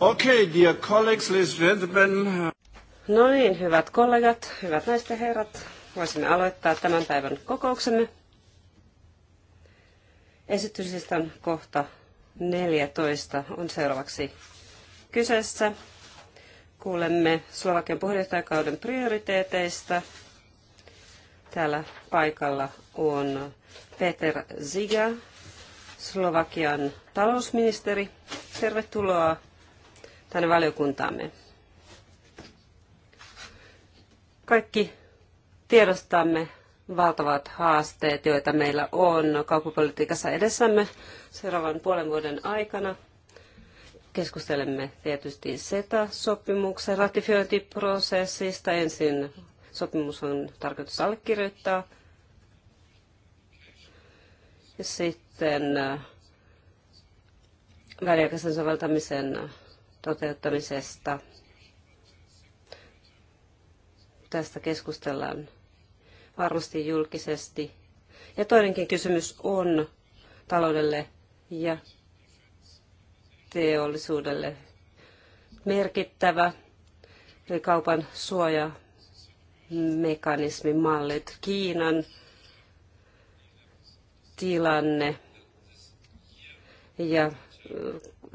Okay, dear colleagues, ladies and gentlemen. No niin, hyvät kollegat, hyvät naiset ja herrat, voisimme aloittaa tämän päivän kokouksemme. Esityslistan kohta 14 on seuraavaksi kyseessä. Kuulemme Slovakian puheenjohtajakauden prioriteeteista. Täällä paikalla on Peter Ziga, Slovakian talousministeri. Tervetuloa tänne valiokuntaamme. Kaikki tiedostamme valtavat haasteet, joita meillä on kauppapolitiikassa edessämme seuraavan puolen vuoden aikana. Keskustelemme tietysti SETA-sopimuksen ratifiointiprosessista. Ensin sopimus on tarkoitus allekirjoittaa. Ja sitten äh, väliaikaisen soveltamisen toteuttamisesta. Tästä keskustellaan varmasti julkisesti. Ja toinenkin kysymys on taloudelle ja teollisuudelle merkittävä eli kaupan mallit Kiinan tilanne ja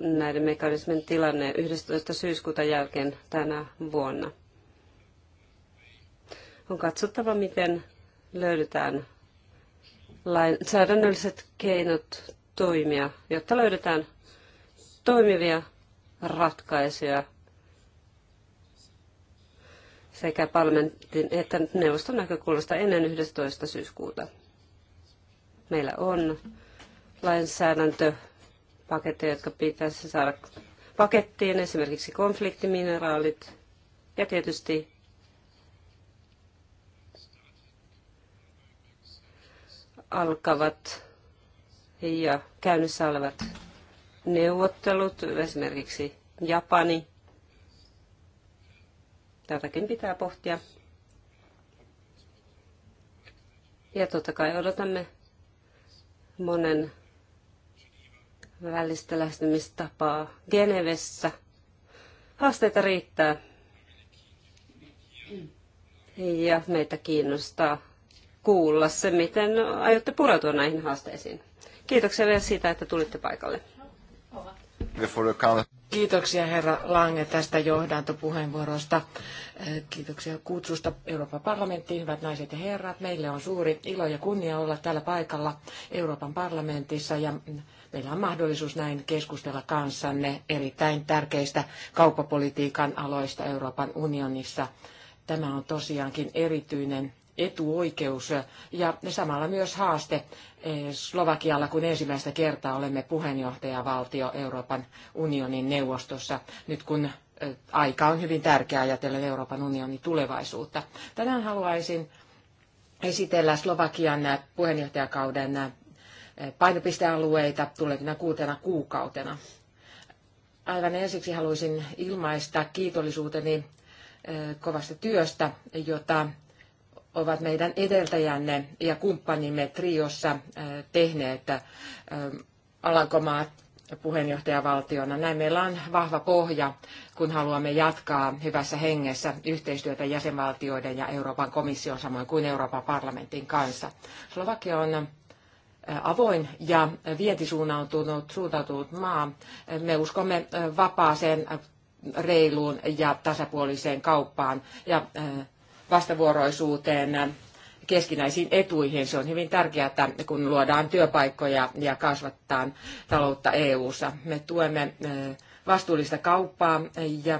näiden mekanismien tilanne 11. syyskuuta jälkeen tänä vuonna. On katsottava, miten löydetään lainsäädännölliset keinot toimia, jotta löydetään toimivia ratkaisuja sekä parlamentin että neuvoston näkökulmasta ennen 11. syyskuuta. Meillä on lainsäädäntö paketteja, jotka pitäisi saada pakettiin, esimerkiksi konfliktimineraalit ja tietysti alkavat ja käynnissä olevat neuvottelut, esimerkiksi Japani. Tätäkin pitää pohtia. Ja totta kai odotamme monen välistä lähestymistapaa Genevessä. Haasteita riittää. Ja meitä kiinnostaa kuulla se, miten aiotte pureutua näihin haasteisiin. Kiitoksia vielä siitä, että tulitte paikalle. Kiitoksia herra Lange tästä johdantopuheenvuorosta. Kiitoksia kutsusta Euroopan parlamenttiin, hyvät naiset ja herrat. Meille on suuri ilo ja kunnia olla täällä paikalla Euroopan parlamentissa ja Meillä on mahdollisuus näin keskustella kanssanne erittäin tärkeistä kauppapolitiikan aloista Euroopan unionissa. Tämä on tosiaankin erityinen etuoikeus ja samalla myös haaste eh, Slovakialla, kun ensimmäistä kertaa olemme puheenjohtajavaltio Euroopan unionin neuvostossa, nyt kun eh, aika on hyvin tärkeä ajatellen Euroopan unionin tulevaisuutta. Tänään haluaisin esitellä Slovakian puheenjohtajakauden painopistealueita tulevina kuutena kuukautena. Aivan ensiksi haluaisin ilmaista kiitollisuuteni kovasta työstä, jota ovat meidän edeltäjänne ja kumppanimme Triossa tehneet Alankomaat puheenjohtajavaltiona. Näin meillä on vahva pohja, kun haluamme jatkaa hyvässä hengessä yhteistyötä jäsenvaltioiden ja Euroopan komission samoin kuin Euroopan parlamentin kanssa. Slovakia on avoin ja vientisuuntautunut suuntautunut maa. Me uskomme vapaaseen, reiluun ja tasapuoliseen kauppaan ja vastavuoroisuuteen keskinäisiin etuihin. Se on hyvin tärkeää, kun luodaan työpaikkoja ja kasvattaa taloutta EU-ssa. Me tuemme vastuullista kauppaa ja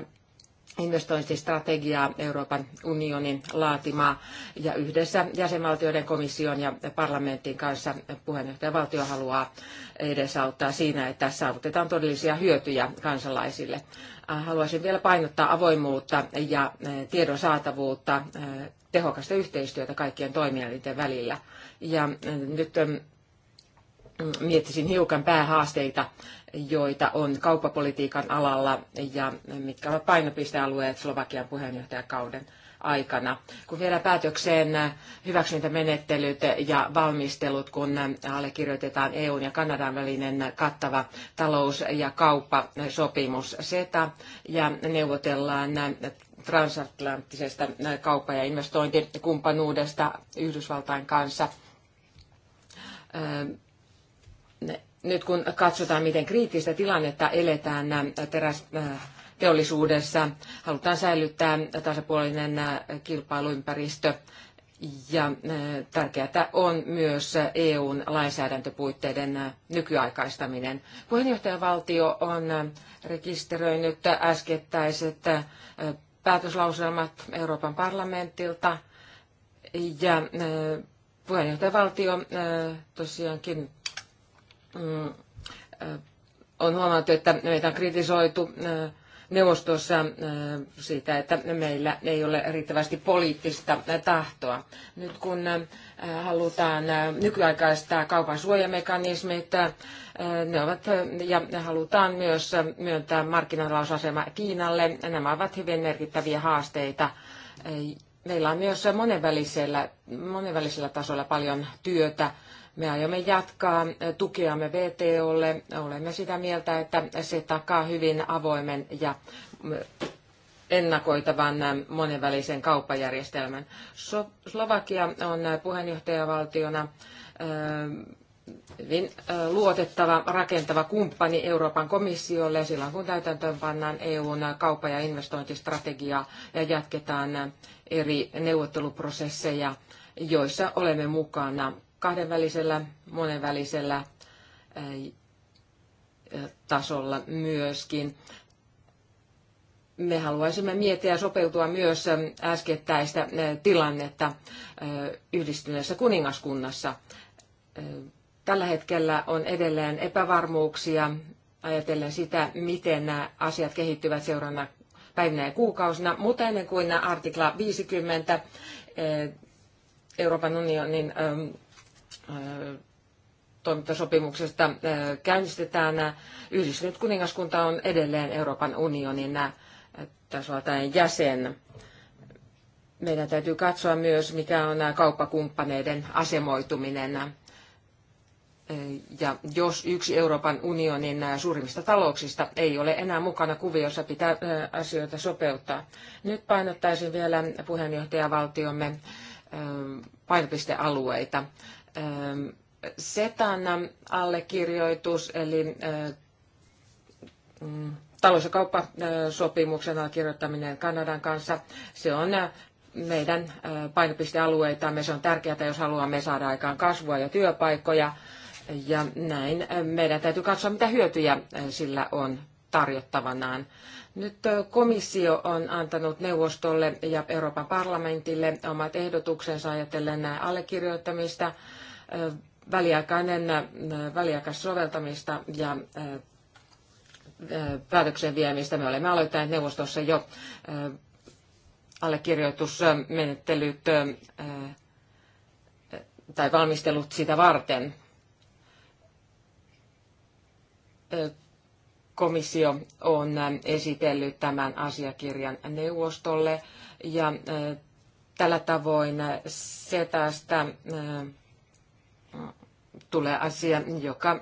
investointistrategiaa Euroopan unionin laatimaa ja yhdessä jäsenvaltioiden komission ja parlamentin kanssa puheenjohtajavaltio haluaa edesauttaa siinä, että saavutetaan todellisia hyötyjä kansalaisille. Haluaisin vielä painottaa avoimuutta ja eh, tiedon saatavuutta, eh, tehokasta yhteistyötä kaikkien toimielinten välillä. Ja eh, nyt miettisin hiukan päähaasteita, joita on kauppapolitiikan alalla ja mitkä ovat painopistealueet Slovakian puheenjohtajakauden aikana. Kun vielä päätökseen hyväksyntämenettelyt ja valmistelut, kun allekirjoitetaan EUn ja Kanadan välinen kattava talous- ja kauppasopimus SETA ja neuvotellaan transatlanttisesta kauppa- ja investointikumppanuudesta Yhdysvaltain kanssa – nyt kun katsotaan, miten kriittistä tilannetta eletään äh, terästeollisuudessa, äh, halutaan säilyttää tasapuolinen äh, kilpailuympäristö. Ja tärkeää on myös EUn lainsäädäntöpuitteiden nykyaikaistaminen. Puheenjohtajavaltio on rekisteröinyt äskettäiset päätöslauselmat Euroopan parlamentilta. Ja puheenjohtajavaltio tosiaankin Mm, on huomattu, että meitä on kritisoitu neuvostossa siitä, että meillä ei ole riittävästi poliittista tahtoa. Nyt kun halutaan nykyaikaistaa kaupan suojamekanismit, ne ovat, ja halutaan myös myöntää markkinatalousasema Kiinalle. Nämä ovat hyvin merkittäviä haasteita. Meillä on myös monenvälisellä, monenvälisellä tasolla paljon työtä me aiomme jatkaa tukeamme VTOlle. Olemme sitä mieltä, että se takaa hyvin avoimen ja ennakoitavan monenvälisen kauppajärjestelmän. Slovakia on puheenjohtajavaltiona eh, hyvin eh, luotettava, rakentava kumppani Euroopan komissiolle silloin, kun täytäntöön pannaan EUn kauppa- ja investointistrategiaa ja jatketaan eri neuvotteluprosesseja, joissa olemme mukana kahdenvälisellä, monenvälisellä tasolla myöskin. Me haluaisimme miettiä ja sopeutua myös äskettäistä tilannetta yhdistyneessä kuningaskunnassa. Tällä hetkellä on edelleen epävarmuuksia ajatellen sitä, miten nämä asiat kehittyvät seuraavana päivinä ja kuukausina, mutta ennen kuin artikla 50 Euroopan unionin toimintasopimuksesta käynnistetään. Yhdistynyt kuningaskunta on edelleen Euroopan unionin tasoltaan jäsen. Meidän täytyy katsoa myös, mikä on kauppakumppaneiden asemoituminen. Ja jos yksi Euroopan unionin suurimmista talouksista ei ole enää mukana kuviossa, pitää asioita sopeuttaa. Nyt painottaisin vielä puheenjohtajavaltiomme painopistealueita. Ähm, Setan allekirjoitus, eli äh, mm, talous- ja kauppasopimuksen allekirjoittaminen Kanadan kanssa, se on äh, meidän äh, painopistealueitamme. Se on tärkeää, jos haluamme saada aikaan kasvua ja työpaikkoja. Ja näin meidän täytyy katsoa, mitä hyötyjä sillä on tarjottavanaan. Nyt komissio on antanut neuvostolle ja Euroopan parlamentille omat ehdotuksensa ajatellen allekirjoittamista väliaikainen, väliaikais soveltamista ja päätöksen viemistä. Me olemme aloittaneet neuvostossa jo allekirjoitusmenettelyt tai valmistelut sitä varten. Komissio on esitellyt tämän asiakirjan neuvostolle ja tällä tavoin se tästä tulee asia, joka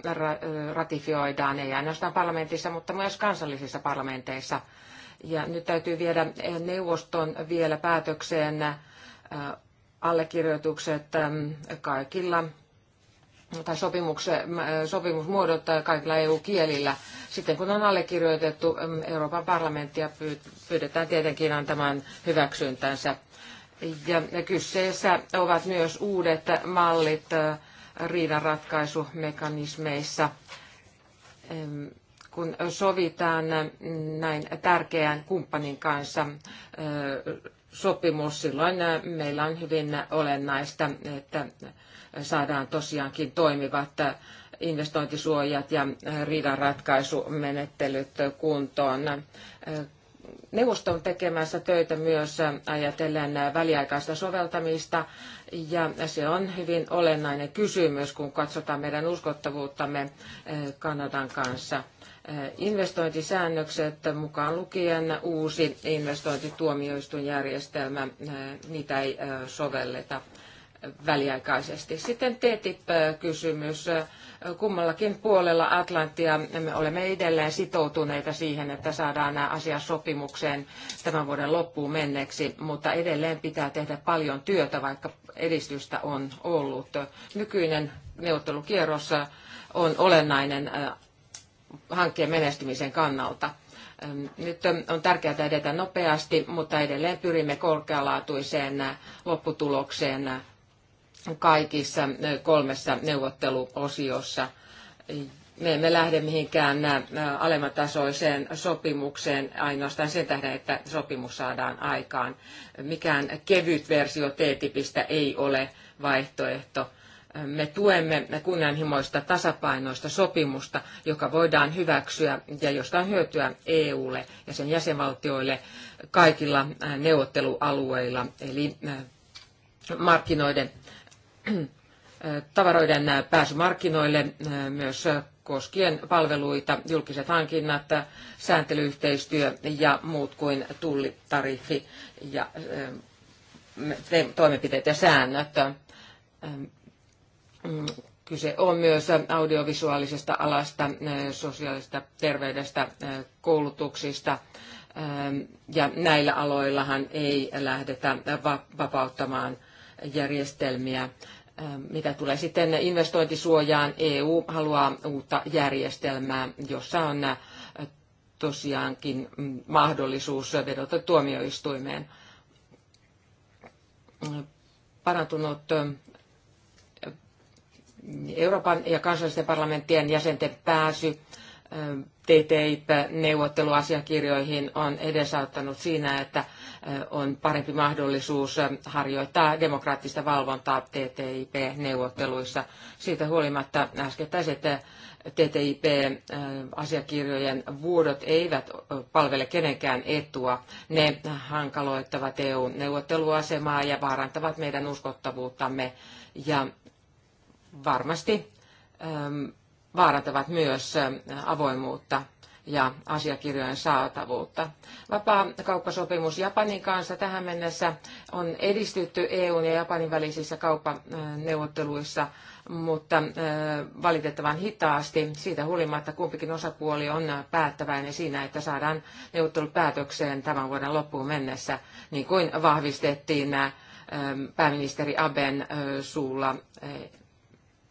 ratifioidaan ei ainoastaan parlamentissa, mutta myös kansallisissa parlamenteissa. Ja nyt täytyy viedä neuvoston vielä päätökseen äh, allekirjoitukset ähm, kaikilla tai äh, sopimusmuodot kaikilla EU-kielillä. Sitten kun on allekirjoitettu ähm, Euroopan parlamenttia, pyydetään tietenkin antamaan hyväksyntänsä. Ja kyseessä ovat myös uudet mallit äh, riidanratkaisumekanismeissa, kun sovitaan näin tärkeän kumppanin kanssa sopimus, silloin meillä on hyvin olennaista, että saadaan tosiaankin toimivat investointisuojat ja riidanratkaisumenettelyt kuntoon neuvoston tekemässä töitä myös ajatellen väliaikaista soveltamista, ja se on hyvin olennainen kysymys, kun katsotaan meidän uskottavuuttamme eh, Kanadan kanssa. Eh, investointisäännökset mukaan lukien uusi investointituomioistuinjärjestelmä, eh, niitä ei sovelleta väliaikaisesti. Sitten TTIP-kysymys. Kummallakin puolella Atlantia me olemme edelleen sitoutuneita siihen, että saadaan nämä asiat sopimukseen tämän vuoden loppuun menneeksi, mutta edelleen pitää tehdä paljon työtä, vaikka edistystä on ollut. Nykyinen neuvottelukierros on olennainen äh, hankkeen menestymisen kannalta. Ähm, nyt on tärkeää edetä nopeasti, mutta edelleen pyrimme korkealaatuiseen äh, lopputulokseen äh, kaikissa kolmessa neuvotteluosiossa. Me emme lähde mihinkään alemmatasoiseen sopimukseen ainoastaan sen tähden, että sopimus saadaan aikaan. Mikään kevyt versio T-tipistä ei ole vaihtoehto. Me tuemme kunnianhimoista tasapainoista sopimusta, joka voidaan hyväksyä ja josta on hyötyä EUlle ja sen jäsenvaltioille kaikilla neuvottelualueilla, eli markkinoiden tavaroiden pääsy markkinoille myös koskien palveluita, julkiset hankinnat, sääntelyyhteistyö ja muut kuin tullitariffi ja toimenpiteet ja säännöt. Mm, kyse on myös audiovisuaalisesta alasta, sosiaalista terveydestä, koulutuksista. Ja näillä aloillahan ei lähdetä vapauttamaan – järjestelmiä. Ähm, mitä tulee sitten investointisuojaan, EU haluaa uutta järjestelmää, jossa on äh, tosiaankin mm, mahdollisuus vedota tuomioistuimeen. Parantunut ähm, Euroopan ja kansallisten parlamenttien jäsenten pääsy ähm, TTIP-neuvotteluasiakirjoihin on edesauttanut siinä, että on parempi mahdollisuus harjoittaa demokraattista valvontaa TTIP-neuvotteluissa. Siitä huolimatta äskettäiset TTIP-asiakirjojen vuodot eivät palvele kenenkään etua. Ne hankaloittavat EU-neuvotteluasemaa ja vaarantavat meidän uskottavuuttamme. Ja varmasti vaarantavat myös avoimuutta ja asiakirjojen saatavuutta. Vapaa kauppasopimus Japanin kanssa tähän mennessä on edistytty EUn ja Japanin välisissä kauppaneuvotteluissa, mutta valitettavan hitaasti. Siitä huolimatta kumpikin osapuoli on päättäväinen siinä, että saadaan neuvottelut päätökseen tämän vuoden loppuun mennessä, niin kuin vahvistettiin pääministeri Aben suulla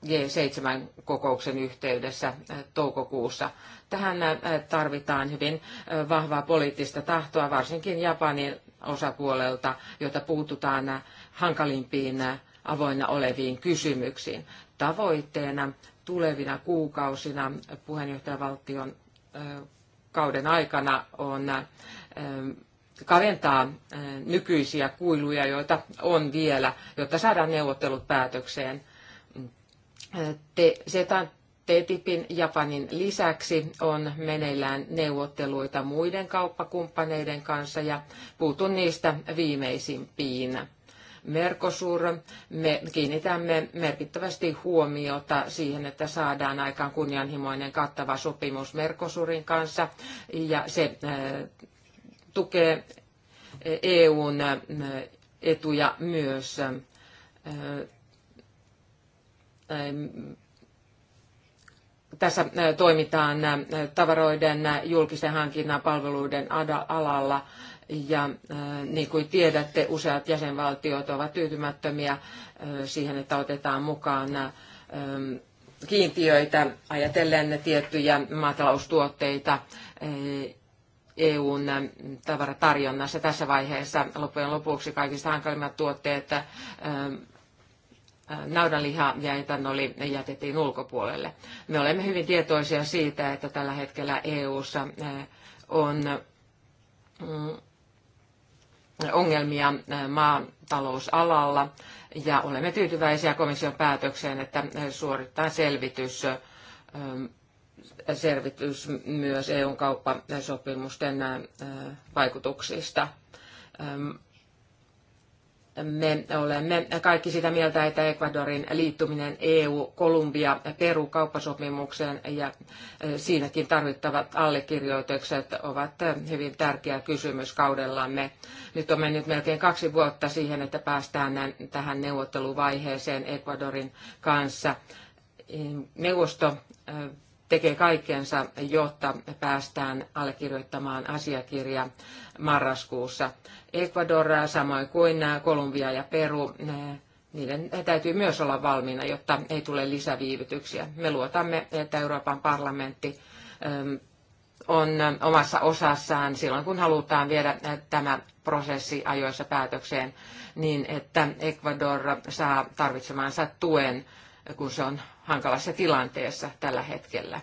G7-kokouksen yhteydessä äh, toukokuussa. Tähän äh, tarvitaan hyvin äh, vahvaa poliittista tahtoa, varsinkin Japanin osapuolelta, jota puututaan hankalimpiin avoinna oleviin kysymyksiin. Tavoitteena tulevina kuukausina puheenjohtajavaltion kauden aikana on kaventaa nykyisiä kuiluja, joita on vielä, jotta saadaan neuvottelut päätökseen te, setan TTIPin Japanin lisäksi on meneillään neuvotteluita muiden kauppakumppaneiden kanssa ja puutun niistä viimeisimpiin. Mercosur, me kiinnitämme merkittävästi huomiota siihen, että saadaan aikaan kunnianhimoinen kattava sopimus Mercosurin kanssa ja se äh, tukee äh, EUn äh, etuja myös Äh, tässä äh, toimitaan äh, tavaroiden, julkisten hankinnan, palveluiden alalla. Ja niin kuin tiedätte, useat jäsenvaltiot ovat tyytymättömiä siihen, että otetaan mukaan kiintiöitä ajatellen tiettyjä maataloustuotteita EUn tavaratarjonnassa tässä vaiheessa. Loppujen lopuksi kaikista hankalimmat tuotteet naudanliha ja etanoli jätettiin ulkopuolelle. Me olemme hyvin tietoisia siitä, että tällä hetkellä EU:ssa on mm, ongelmia maatalousalalla ja olemme tyytyväisiä komission päätökseen, että suorittaa selvitys, selvitys myös eu kauppasopimusten vaikutuksista me olemme kaikki sitä mieltä, että Ecuadorin liittyminen EU-Kolumbia-Peru kauppasopimukseen ja siinäkin tarvittavat allekirjoitukset ovat hyvin tärkeä kysymys kaudellamme. Nyt on mennyt melkein kaksi vuotta siihen, että päästään tähän neuvotteluvaiheeseen Ecuadorin kanssa. Neuvosto tekee kaikkensa, jotta päästään allekirjoittamaan asiakirja marraskuussa. Ecuador, samoin kuin Kolumbia ja Peru, niiden täytyy myös olla valmiina, jotta ei tule lisäviivytyksiä. Me luotamme, että Euroopan parlamentti ähm, on omassa osassaan silloin, kun halutaan viedä tämä prosessi ajoissa päätökseen, niin että Ecuador saa tarvitsemansa tuen, kun se on hankalassa tilanteessa tällä hetkellä.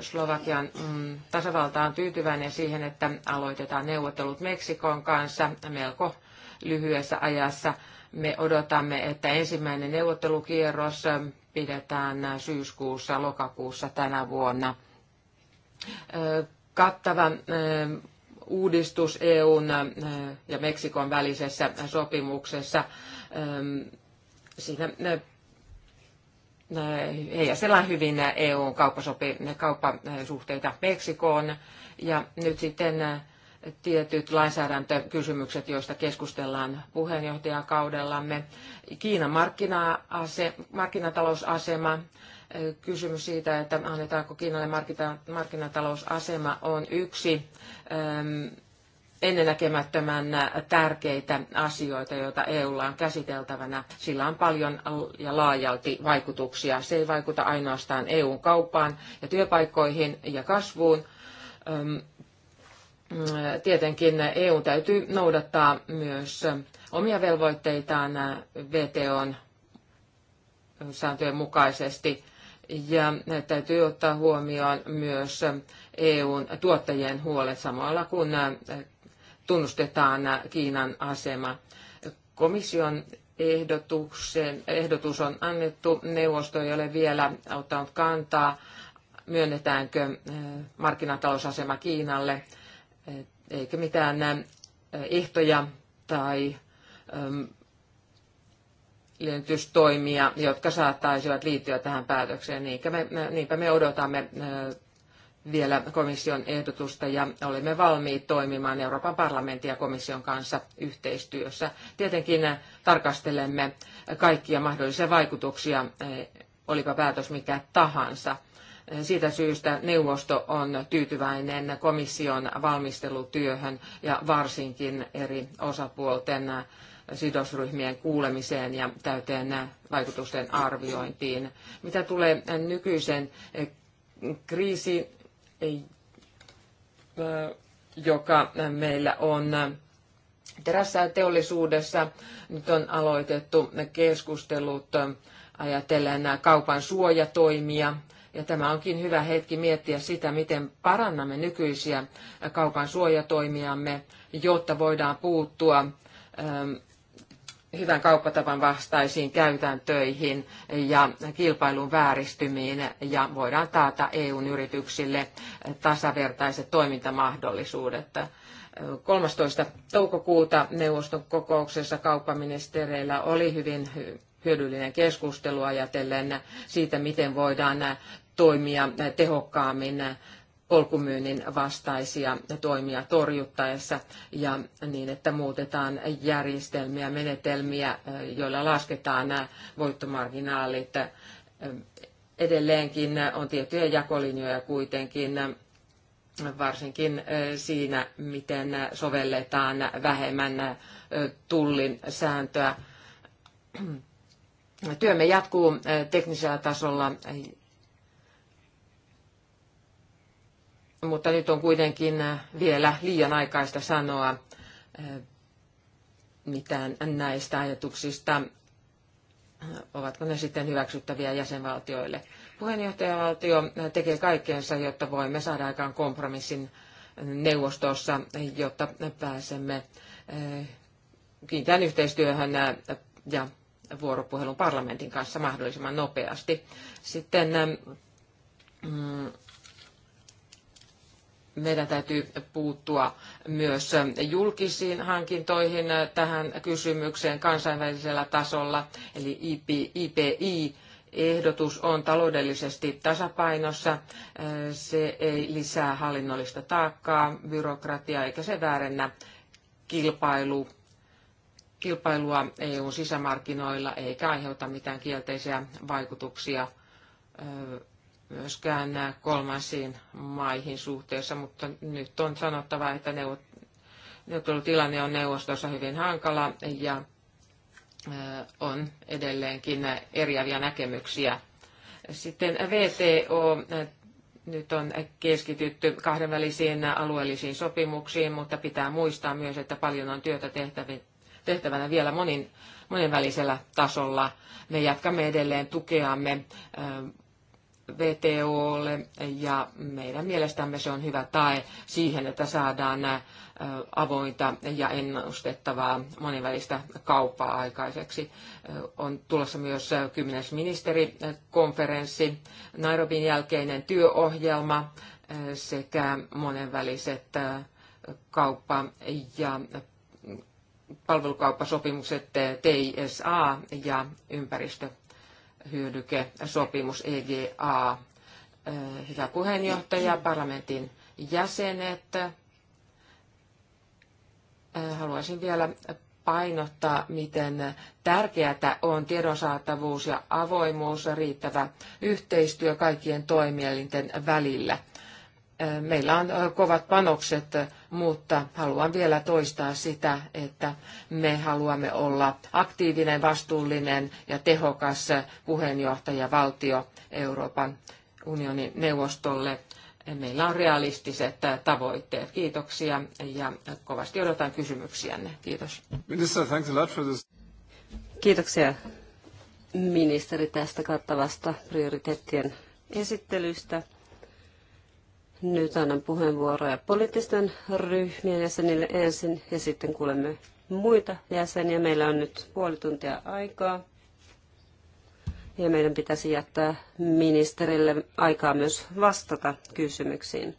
Slovakian mm, tasavalta on tyytyväinen siihen, että aloitetaan neuvottelut Meksikon kanssa melko lyhyessä ajassa. Me odotamme, että ensimmäinen neuvottelukierros pidetään syyskuussa, lokakuussa tänä vuonna. Kattava uudistus EUn ja Meksikon välisessä sopimuksessa. Siinä heijastellaan äh, hyvin EUn kauppasuhteita Meksikoon. Ja nyt sitten äh, tietyt lainsäädäntökysymykset, joista keskustellaan puheenjohtajakaudellamme. Kiinan markkinatalousasema, äh, kysymys siitä, että annetaanko Kiinalle markkinatalousasema, on yksi ennennäkemättömän tärkeitä asioita, joita EUlla on käsiteltävänä. Sillä on paljon ja laajalti vaikutuksia. Se ei vaikuta ainoastaan EUn kauppaan ja työpaikkoihin ja kasvuun. Tietenkin EU täytyy noudattaa myös omia velvoitteitaan VTOn sääntöjen mukaisesti ja täytyy ottaa huomioon myös EUn tuottajien huolet samalla kun tunnustetaan Kiinan asema. Komission ehdotuksen, ehdotus on annettu, neuvosto ei ole vielä ottanut kantaa, myönnetäänkö eh, markkinatalousasema Kiinalle, eh, eikä mitään eh, ehtoja tai ehm, liennytystoimia, jotka saattaisivat liittyä tähän päätökseen. Niinpä me, niinpä me odotamme vielä komission ehdotusta ja olemme valmiit toimimaan Euroopan parlamentin ja komission kanssa yhteistyössä. Tietenkin tarkastelemme kaikkia mahdollisia vaikutuksia, eh, olipa päätös mikä tahansa. Siitä syystä neuvosto on tyytyväinen komission valmistelutyöhön ja varsinkin eri osapuolten sidosryhmien kuulemiseen ja täyteen vaikutusten arviointiin. Mitä tulee nykyisen kriisi joka meillä on terässä teollisuudessa. Nyt on aloitettu keskustelut ajatellen kaupan suojatoimia. Ja tämä onkin hyvä hetki miettiä sitä, miten parannamme nykyisiä kaupan suojatoimiamme, jotta voidaan puuttua hyvän kauppatavan vastaisiin käytäntöihin ja kilpailun vääristymiin ja voidaan taata EUn yrityksille tasavertaiset toimintamahdollisuudet. 13. toukokuuta neuvoston kokouksessa kauppaministereillä oli hyvin hyödyllinen keskustelu ajatellen siitä, miten voidaan toimia tehokkaammin polkumyynnin vastaisia toimia torjuttaessa ja niin, että muutetaan järjestelmiä, menetelmiä, joilla lasketaan nämä voittomarginaalit. Edelleenkin on tiettyjä jakolinjoja kuitenkin, varsinkin siinä, miten sovelletaan vähemmän tullin sääntöä. Työmme jatkuu teknisellä tasolla mutta nyt on kuitenkin äh, vielä liian aikaista sanoa äh, mitään näistä ajatuksista, äh, ovatko ne sitten hyväksyttäviä jäsenvaltioille. Puheenjohtajavaltio tekee kaikkeensa, jotta voimme saada aikaan kompromissin neuvostossa, jotta pääsemme kiinteän yhteistyöhön ja vuoropuhelun parlamentin kanssa mahdollisimman nopeasti. Sitten mm, meidän täytyy puuttua myös julkisiin hankintoihin tähän kysymykseen kansainvälisellä tasolla, eli IPI, ehdotus on taloudellisesti tasapainossa. Se ei lisää hallinnollista taakkaa, byrokratiaa eikä se väärennä kilpailu, kilpailua EUn sisämarkkinoilla eikä aiheuta mitään kielteisiä vaikutuksia myöskään kolmansiin maihin suhteessa, mutta nyt on sanottava, että neuvottelutilanne on neuvostossa hyvin hankala ja on edelleenkin eriäviä näkemyksiä. Sitten VTO, nyt on keskitytty kahdenvälisiin alueellisiin sopimuksiin, mutta pitää muistaa myös, että paljon on työtä tehtävänä vielä monin, monenvälisellä tasolla. Me jatkamme edelleen tukeamme VTOlle ja meidän mielestämme se on hyvä tae siihen, että saadaan avointa ja ennustettavaa monivälistä kauppaa aikaiseksi. On tulossa myös 10. ministerikonferenssi, Nairobin jälkeinen työohjelma sekä monenväliset kauppa- ja palvelukauppasopimukset TISA ja ympäristö hyödykesopimus EGA. Hyvä puheenjohtaja, parlamentin jäsenet. Haluaisin vielä painottaa, miten tärkeää on saatavuus ja avoimuus ja riittävä yhteistyö kaikkien toimielinten välillä – Meillä on kovat panokset, mutta haluan vielä toistaa sitä, että me haluamme olla aktiivinen, vastuullinen ja tehokas puheenjohtajavaltio Euroopan unionin neuvostolle. Meillä on realistiset tavoitteet. Kiitoksia ja kovasti odotan kysymyksiänne. Kiitos. Minister, thanks a lot for this. Kiitoksia ministeri tästä kattavasta prioriteettien esittelystä. Nyt annan puheenvuoroja poliittisten ryhmien jäsenille ensin ja sitten kuulemme muita jäseniä. Meillä on nyt puoli tuntia aikaa ja meidän pitäisi jättää ministerille aikaa myös vastata kysymyksiin.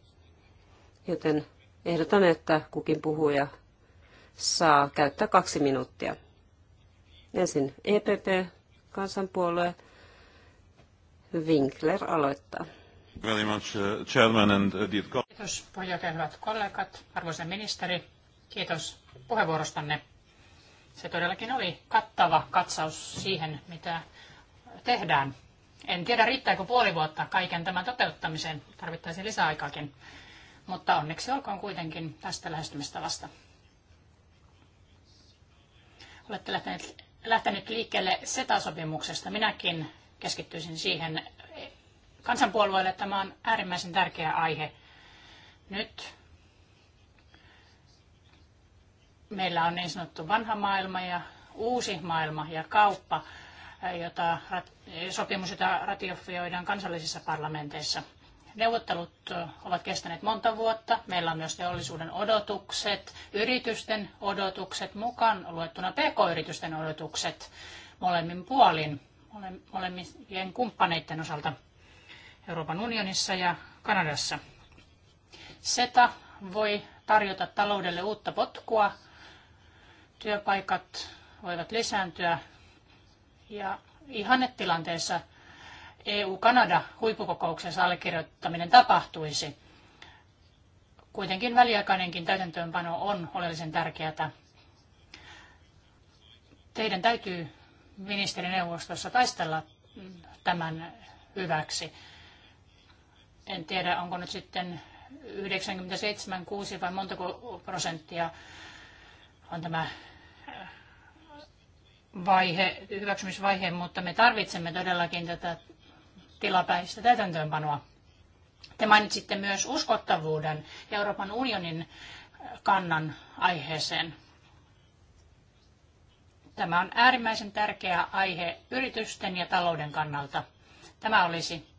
Joten ehdotan, että kukin puhuja saa käyttää kaksi minuuttia. Ensin EPP, kansanpuolue, Winkler aloittaa. Very much, uh, chairman and, uh, Kiitos puheenjohtaja, hyvät kollegat, arvoisa ministeri. Kiitos puheenvuorostanne. Se todellakin oli kattava katsaus siihen, mitä tehdään. En tiedä, riittääkö puoli vuotta kaiken tämän toteuttamiseen. Tarvittaisiin lisäaikaakin. Mutta onneksi olkoon kuitenkin tästä lähestymistavasta. Olette lähteneet, lähteneet liikkeelle SETA-sopimuksesta. Minäkin keskittyisin siihen kansanpuolueelle tämä on äärimmäisen tärkeä aihe. Nyt meillä on niin sanottu vanha maailma ja uusi maailma ja kauppa, jota, sopimus, jota ratifioidaan kansallisissa parlamenteissa. Neuvottelut ovat kestäneet monta vuotta. Meillä on myös teollisuuden odotukset, yritysten odotukset, mukaan luettuna pk-yritysten odotukset molemmin puolin, molemmien kumppaneiden osalta. Euroopan unionissa ja Kanadassa. SETA voi tarjota taloudelle uutta potkua, työpaikat voivat lisääntyä ja ihannetilanteessa EU-Kanada huippukokouksessa allekirjoittaminen tapahtuisi. Kuitenkin väliaikainenkin täytäntöönpano on oleellisen tärkeää. Teidän täytyy ministerineuvostossa taistella tämän hyväksi en tiedä onko nyt sitten 97,6 vai montako prosenttia on tämä äh, vaihe, hyväksymisvaihe, mutta me tarvitsemme todellakin tätä tilapäistä täytäntöönpanoa. Te mainitsitte myös uskottavuuden ja Euroopan unionin äh, kannan aiheeseen. Tämä on äärimmäisen tärkeä aihe yritysten ja talouden kannalta. Tämä olisi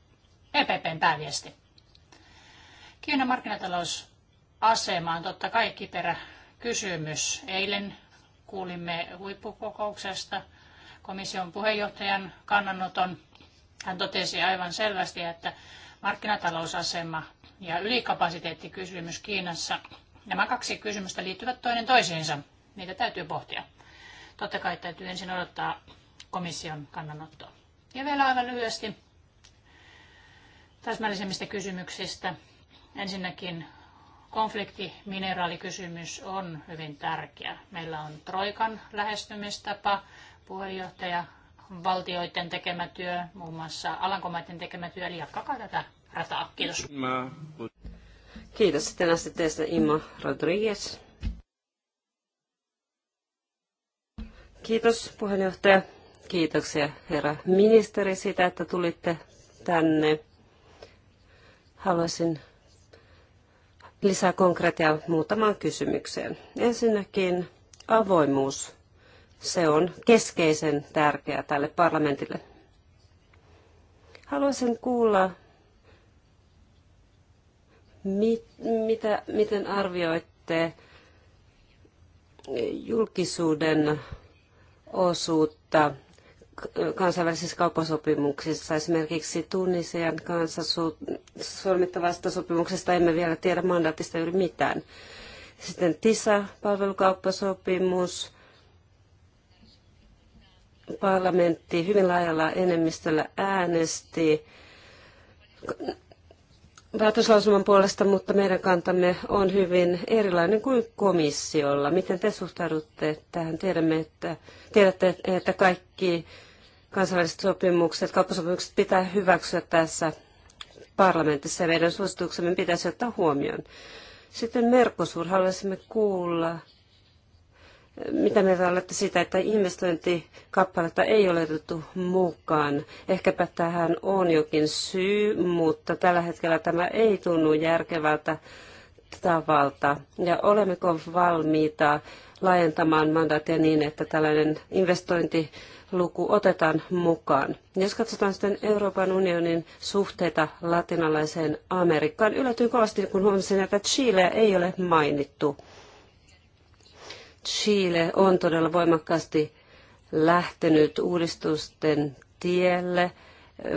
EPPn pääviesti. Kiinan markkinatalousasema on totta kai kiperä kysymys. Eilen kuulimme huippukokouksesta komission puheenjohtajan kannanoton. Hän totesi aivan selvästi, että markkinatalousasema ja ylikapasiteettikysymys Kiinassa, nämä kaksi kysymystä liittyvät toinen toisiinsa. Niitä täytyy pohtia. Totta kai täytyy ensin odottaa komission kannanottoa. Ja vielä aivan lyhyesti täsmällisemmistä kysymyksistä. Ensinnäkin konfliktimineraalikysymys on hyvin tärkeä. Meillä on Troikan lähestymistapa, puheenjohtaja valtioiden tekemä työ, muun muassa Alankomaiden tekemä työ, eli jatkakaa tätä rataa. Kiitos. Kiitos. Sitten teistä Imma Rodriguez. Kiitos puheenjohtaja. Kiitoksia herra ministeri siitä, että tulitte tänne. Haluaisin lisää konkreettia muutamaan kysymykseen. Ensinnäkin avoimuus. Se on keskeisen tärkeää tälle parlamentille. Haluaisin kuulla, mit, mitä, miten arvioitte julkisuuden osuutta kansainvälisissä kauppasopimuksissa. Esimerkiksi Tunisian kanssa solmittavasta sopimuksesta emme vielä tiedä mandaatista juuri mitään. Sitten TISA, palvelukauppasopimus, parlamentti hyvin laajalla enemmistöllä äänesti päätöslausuman puolesta, mutta meidän kantamme on hyvin erilainen kuin komissiolla. Miten te suhtaudutte tähän? Tiedämme, että, tiedätte, että kaikki kansainväliset sopimukset, kauppasopimukset pitää hyväksyä tässä parlamentissa ja meidän suosituksemme pitäisi ottaa huomioon. Sitten Merkosur, haluaisimme kuulla mitä mieltä olette siitä, että investointikappaletta ei ole otettu mukaan? Ehkäpä tähän on jokin syy, mutta tällä hetkellä tämä ei tunnu järkevältä tavalta. Ja olemmeko valmiita laajentamaan mandaatia niin, että tällainen investointiluku otetaan mukaan? Jos katsotaan sitten Euroopan unionin suhteita latinalaiseen Amerikkaan, yllätyin kovasti, kun huomasin, että Chile ei ole mainittu. Chile on todella voimakkaasti lähtenyt uudistusten tielle.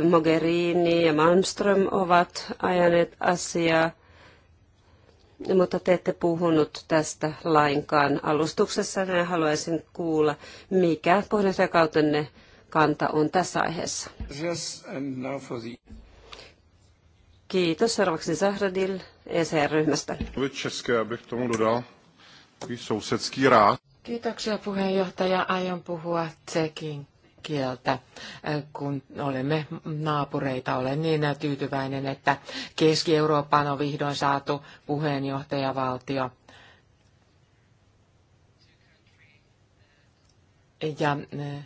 Mogherini ja Malmström ovat ajaneet asiaa, mutta te ette puhunut tästä lainkaan alustuksessa. Ja haluaisin kuulla, mikä puheenjohtajakautenne kanta on tässä aiheessa. Kiitos. Seuraavaksi Zahradil ECR-ryhmästä. Kiitoksia puheenjohtaja. Aion puhua tsekin kieltä. Kun olemme naapureita, olen niin tyytyväinen, että Keski-Eurooppaan on vihdoin saatu puheenjohtajavaltio. Ja eh,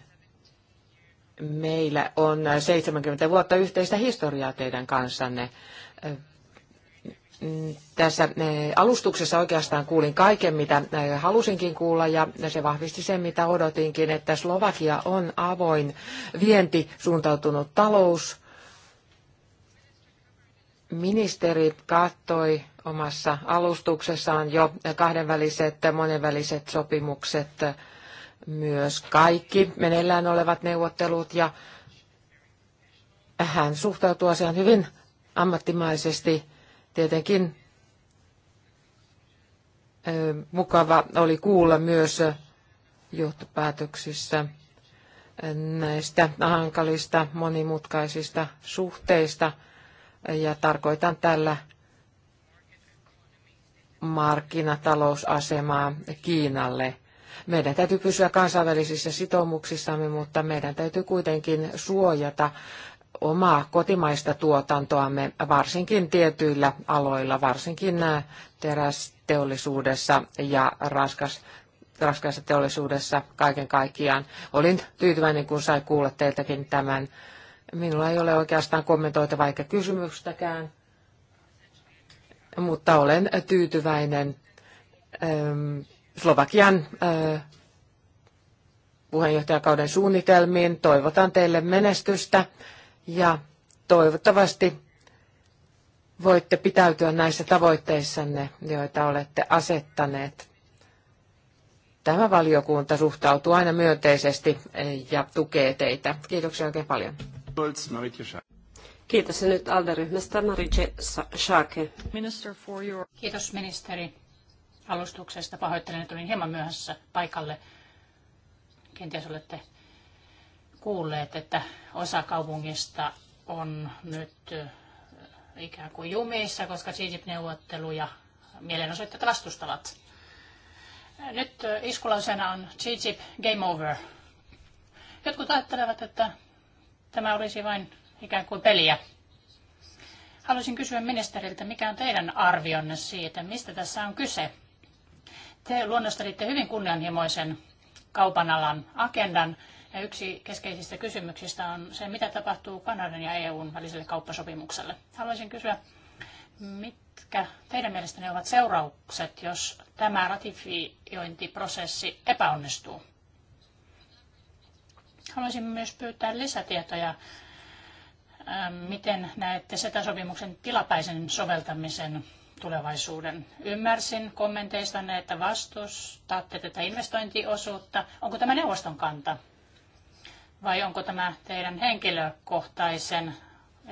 meillä on 70 vuotta yhteistä historiaa teidän kanssanne. Eh, tässä eh, alustuksessa oikeastaan kuulin kaiken, mitä eh, halusinkin kuulla, ja se vahvisti sen, mitä odotinkin, että Slovakia on avoin vienti suuntautunut talous. Ministeri kattoi omassa alustuksessaan jo kahdenväliset, monenväliset sopimukset, myös kaikki meneillään olevat neuvottelut, ja hän suhtautuu asiaan hyvin ammattimaisesti Tietenkin mukava oli kuulla myös johtopäätöksissä näistä hankalista monimutkaisista suhteista ja tarkoitan tällä markkinatalousasemaa Kiinalle. Meidän täytyy pysyä kansainvälisissä sitoumuksissamme, mutta meidän täytyy kuitenkin suojata omaa kotimaista tuotantoamme, varsinkin tietyillä aloilla, varsinkin terästeollisuudessa ja raskas, raskaassa teollisuudessa kaiken kaikkiaan. Olin tyytyväinen, kun sai kuulla teiltäkin tämän. Minulla ei ole oikeastaan kommentoita vaikka kysymystäkään, mutta olen tyytyväinen ähm, Slovakian äh, puheenjohtajakauden suunnitelmiin. Toivotan teille menestystä ja toivottavasti voitte pitäytyä näissä tavoitteissanne, joita olette asettaneet. Tämä valiokunta suhtautuu aina myönteisesti eh, ja tukee teitä. Kiitoksia oikein paljon. Kiitos ja nyt ALDE-ryhmästä Marije Schake. Kiitos ministeri alustuksesta. Pahoittelen, että olin hieman myöhässä paikalle. Kenties olette kuulleet, että osa kaupungista on nyt ikään kuin jumissa, koska TTIP-neuvotteluja mielenosoittajat vastustavat. Nyt iskulausena on TTIP Game Over. Jotkut ajattelevat, että tämä olisi vain ikään kuin peliä. Haluaisin kysyä ministeriltä, mikä on teidän arvionne siitä, mistä tässä on kyse? Te luonnostelitte hyvin kunnianhimoisen kaupan alan agendan, ja yksi keskeisistä kysymyksistä on se, mitä tapahtuu Kanadan ja EUn väliselle kauppasopimukselle. Haluaisin kysyä, mitkä teidän mielestänne ovat seuraukset, jos tämä ratifiointiprosessi epäonnistuu? Haluaisin myös pyytää lisätietoja, ähm, miten näette SETA-sopimuksen tilapäisen soveltamisen tulevaisuuden. Ymmärsin kommenteistanne, että vastustatte tätä investointiosuutta. Onko tämä neuvoston kanta? vai onko tämä teidän henkilökohtaisen,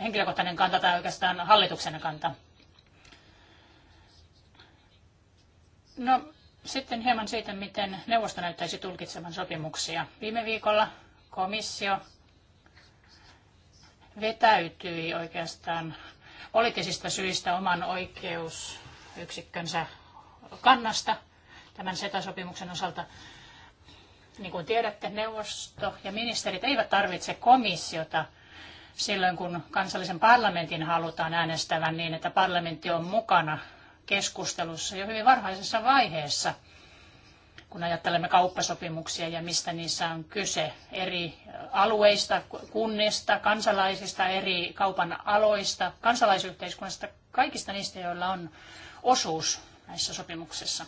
henkilökohtainen kanta tai oikeastaan hallituksen kanta? No, sitten hieman siitä, miten neuvosto näyttäisi tulkitsevan sopimuksia. Viime viikolla komissio vetäytyi oikeastaan poliittisista syistä oman oikeusyksikkönsä kannasta tämän SETA-sopimuksen osalta. Niin kuin tiedätte, neuvosto ja ministerit eivät tarvitse komissiota silloin, kun kansallisen parlamentin halutaan äänestävän niin, että parlamentti on mukana keskustelussa jo hyvin varhaisessa vaiheessa, kun ajattelemme kauppasopimuksia ja mistä niissä on kyse eri alueista, kunnista, kansalaisista, eri kaupan aloista, kansalaisyhteiskunnasta, kaikista niistä, joilla on osuus näissä sopimuksissa.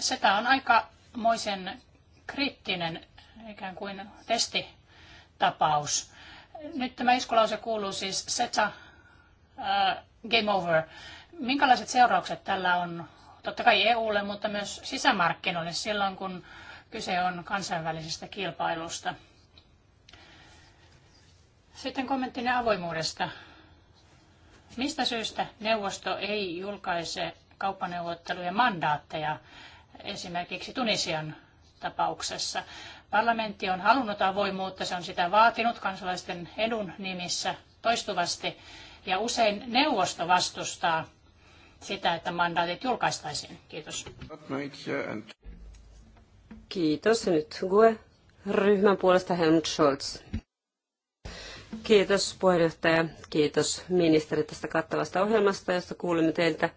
SETA on aika moisen kriittinen ikään kuin testitapaus. Nyt tämä iskulause kuuluu siis SETA uh, Game Over. Minkälaiset seuraukset tällä on totta kai EUlle, mutta myös sisämarkkinoille silloin, kun kyse on kansainvälisestä kilpailusta? Sitten kommenttinen avoimuudesta. Mistä syystä neuvosto ei julkaise kauppaneuvottelujen mandaatteja? esimerkiksi Tunisian tapauksessa. Parlamentti on halunnut avoimuutta, se on sitä vaatinut kansalaisten edun nimissä toistuvasti, ja usein neuvosto vastustaa sitä, että mandaatit julkaistaisiin. Kiitos. Kiitos. Nyt Gue. Ryhmän puolesta Helmut Scholz. Kiitos puheenjohtaja, kiitos ministeri tästä kattavasta ohjelmasta, josta kuulimme teiltä.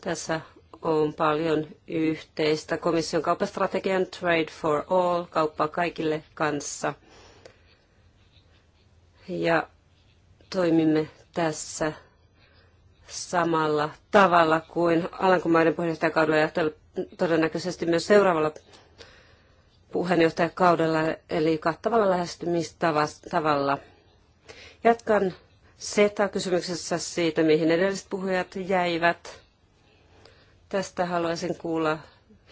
Tässä on paljon yhteistä komission kauppastrategian Trade for All, kauppaa kaikille kanssa. Ja toimimme tässä samalla tavalla kuin Alankomaiden puheenjohtajakaudella ja todennäköisesti myös seuraavalla puheenjohtajakaudella, eli kattavalla lähestymistavalla. Jatkan SETA-kysymyksessä siitä, mihin edelliset puhujat jäivät. Tästä haluaisin kuulla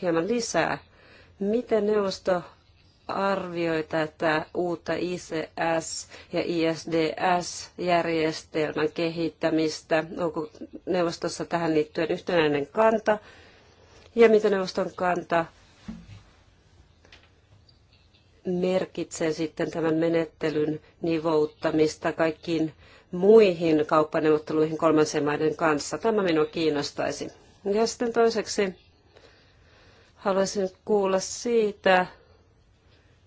hieman lisää. Miten neuvosto arvioi tätä uutta ICS- ja ISDS-järjestelmän kehittämistä? Onko neuvostossa tähän liittyen yhtenäinen kanta? Ja mitä neuvoston kanta merkitsee sitten tämän menettelyn nivouttamista kaikkiin muihin kauppaneuvotteluihin kolmansien maiden kanssa? Tämä minua kiinnostaisi. Ja sitten toiseksi haluaisin kuulla siitä,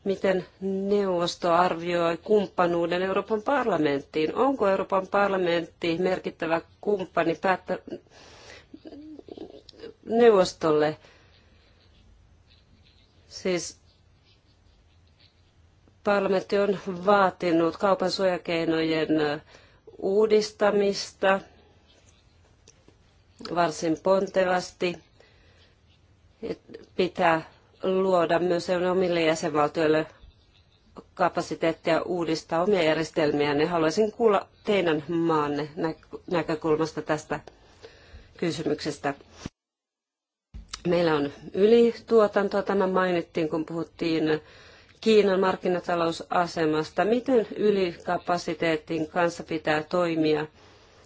miten neuvosto arvioi kumppanuuden Euroopan parlamenttiin. Onko Euroopan parlamentti merkittävä kumppani päättä neuvostolle? Siis parlamentti on vaatinut kaupan suojakeinojen uudistamista – varsin pontevasti. Pitää luoda myös omille jäsenvaltioille kapasiteettia uudistaa omia järjestelmiään. Niin ja haluaisin kuulla teidän maanne näkökulmasta tästä kysymyksestä. Meillä on ylituotantoa, tämä mainittiin, kun puhuttiin Kiinan markkinatalousasemasta. Miten ylikapasiteetin kanssa pitää toimia,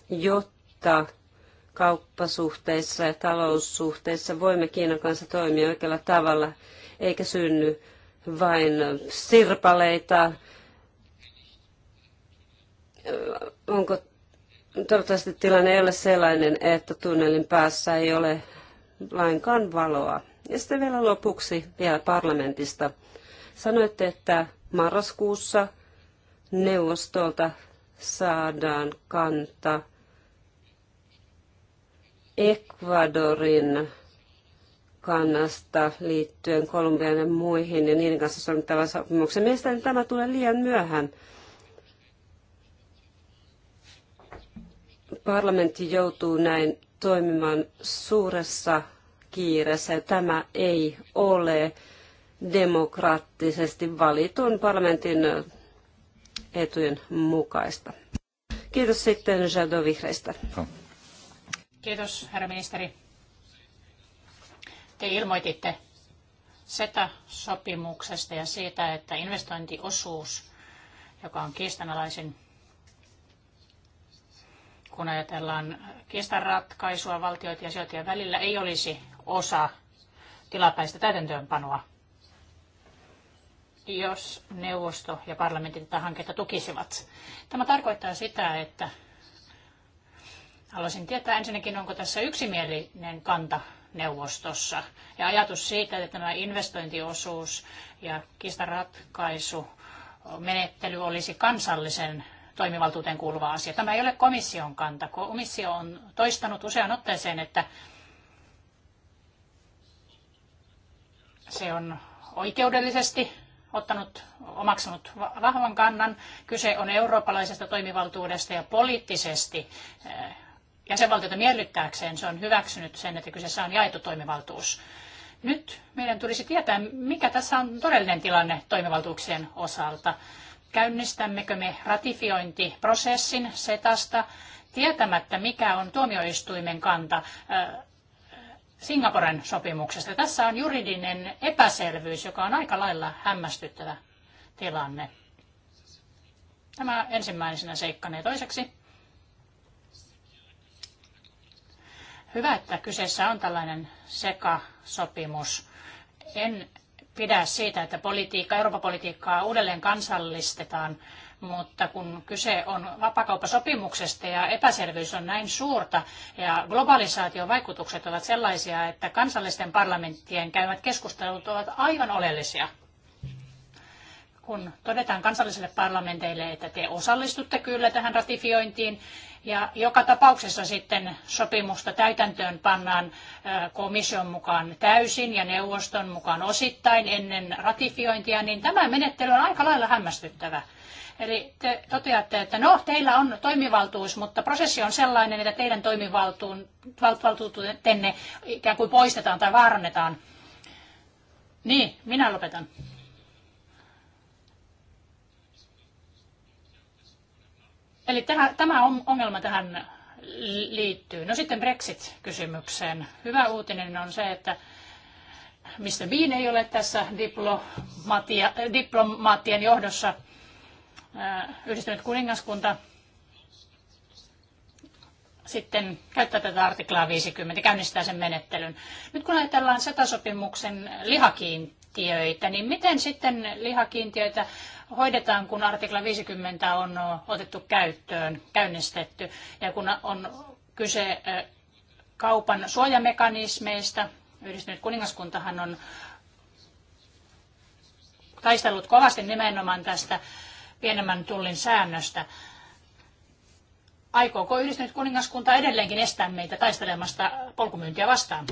jotta kauppasuhteissa ja taloussuhteissa voimme Kiinan kanssa toimia oikealla tavalla, eikä synny vain sirpaleita. Onko toivottavasti tilanne ei ole sellainen, että tunnelin päässä ei ole lainkaan valoa. Ja sitten vielä lopuksi vielä parlamentista. Sanoitte, että marraskuussa neuvostolta saadaan kanta Ecuadorin kannasta liittyen Kolumbian ja muihin ja niiden kanssa solmittavan sopimuksen. Mielestäni tämä tulee liian myöhään. Parlamentti joutuu näin toimimaan suuressa kiireessä ja tämä ei ole demokraattisesti valitun parlamentin etujen mukaista. Kiitos sitten Jado Vihreistä. No. Kiitos, herra ministeri. Te ilmoititte SETA-sopimuksesta ja siitä, että investointiosuus, joka on kiistanalaisin, kun ajatellaan kiistanratkaisua valtioiden ja sijoittajien välillä, ei olisi osa tilapäistä täytäntöönpanoa, jos neuvosto ja parlamentti tätä hanketta tukisivat. Tämä tarkoittaa sitä, että Haluaisin tietää ensinnäkin, onko tässä yksimielinen kanta neuvostossa ja ajatus siitä, että tämä investointiosuus ja kiistaratkaisu menettely olisi kansallisen toimivaltuuteen kuuluva asia. Tämä ei ole komission kanta. Komissio on toistanut usean otteeseen, että se on oikeudellisesti ottanut, omaksunut vahvan kannan. Kyse on eurooppalaisesta toimivaltuudesta ja poliittisesti eh, jäsenvaltiota miellyttääkseen se on hyväksynyt sen, että kyseessä on jaettu toimivaltuus. Nyt meidän tulisi tietää, mikä tässä on todellinen tilanne toimivaltuuksien osalta. Käynnistämmekö me ratifiointiprosessin setasta tietämättä, mikä on tuomioistuimen kanta äh, Singaporen sopimuksesta. Tässä on juridinen epäselvyys, joka on aika lailla hämmästyttävä tilanne. Tämä ensimmäisenä seikkana. Ja toiseksi Hyvä, että kyseessä on tällainen sekasopimus. En pidä siitä, että politiikka, Euroopan politiikkaa uudelleen kansallistetaan, mutta kun kyse on vapakauppasopimuksesta ja epäselvyys on näin suurta ja globalisaation vaikutukset ovat sellaisia, että kansallisten parlamenttien käymät keskustelut ovat aivan oleellisia. Kun todetaan kansallisille parlamenteille, että te osallistutte kyllä tähän ratifiointiin ja joka tapauksessa sitten sopimusta täytäntöön pannaan komission mukaan täysin ja neuvoston mukaan osittain ennen ratifiointia, niin tämä menettely on aika lailla hämmästyttävä. Eli te toteatte, että no, teillä on toimivaltuus, mutta prosessi on sellainen, että teidän toimivaltuutenne ikään kuin poistetaan tai vaarannetaan. Niin, minä lopetan. Eli tämä, tämä ongelma tähän liittyy. No sitten Brexit-kysymykseen. Hyvä uutinen on se, että mistä Bean ei ole tässä diplomatia, diplomaattien johdossa. Äh, yhdistynyt kuningaskunta sitten käyttää tätä artiklaa 50, käynnistää sen menettelyn. Nyt kun ajatellaan setasopimuksen lihakiintiöitä, niin miten sitten lihakiintiöitä hoidetaan, kun artikla 50 on otettu käyttöön, käynnistetty ja kun on kyse kaupan suojamekanismeista. Yhdistynyt kuningaskuntahan on taistellut kovasti nimenomaan tästä pienemmän tullin säännöstä. Aikooko yhdistynyt kuningaskunta edelleenkin estää meitä taistelemasta polkumyyntiä vastaan?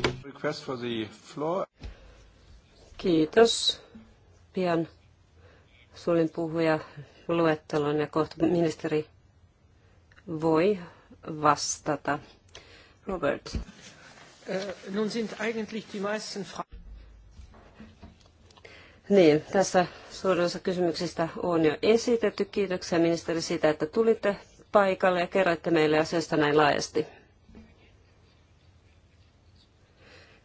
Kiitos. Pian sulin puhuja luettelon ja kohta ministeri voi vastata. Robert. Äh, nun sind eigentlich die meisten niin, tässä suurin osa kysymyksistä on jo esitetty. Kiitoksia ministeri siitä, että tulitte paikalle ja kerroitte meille asiasta näin laajasti.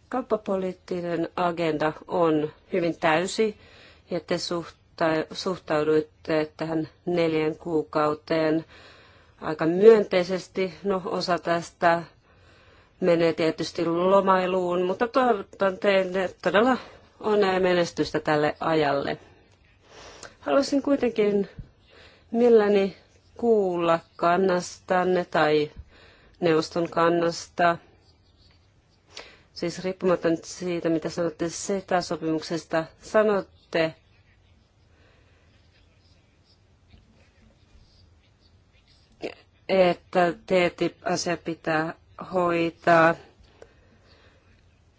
Kauppapoliittinen agenda on hyvin täysi ja te suht suhtauduitte tähän neljän kuukauteen aika myönteisesti. No, osa tästä menee tietysti lomailuun, mutta toivotan teille todella onnea ja menestystä tälle ajalle. Haluaisin kuitenkin milläni kuulla kannastanne tai neuvoston kannasta. Siis riippumatta nyt siitä, mitä sanotte se sopimuksesta sanotte, että TTIP-asia pitää hoitaa.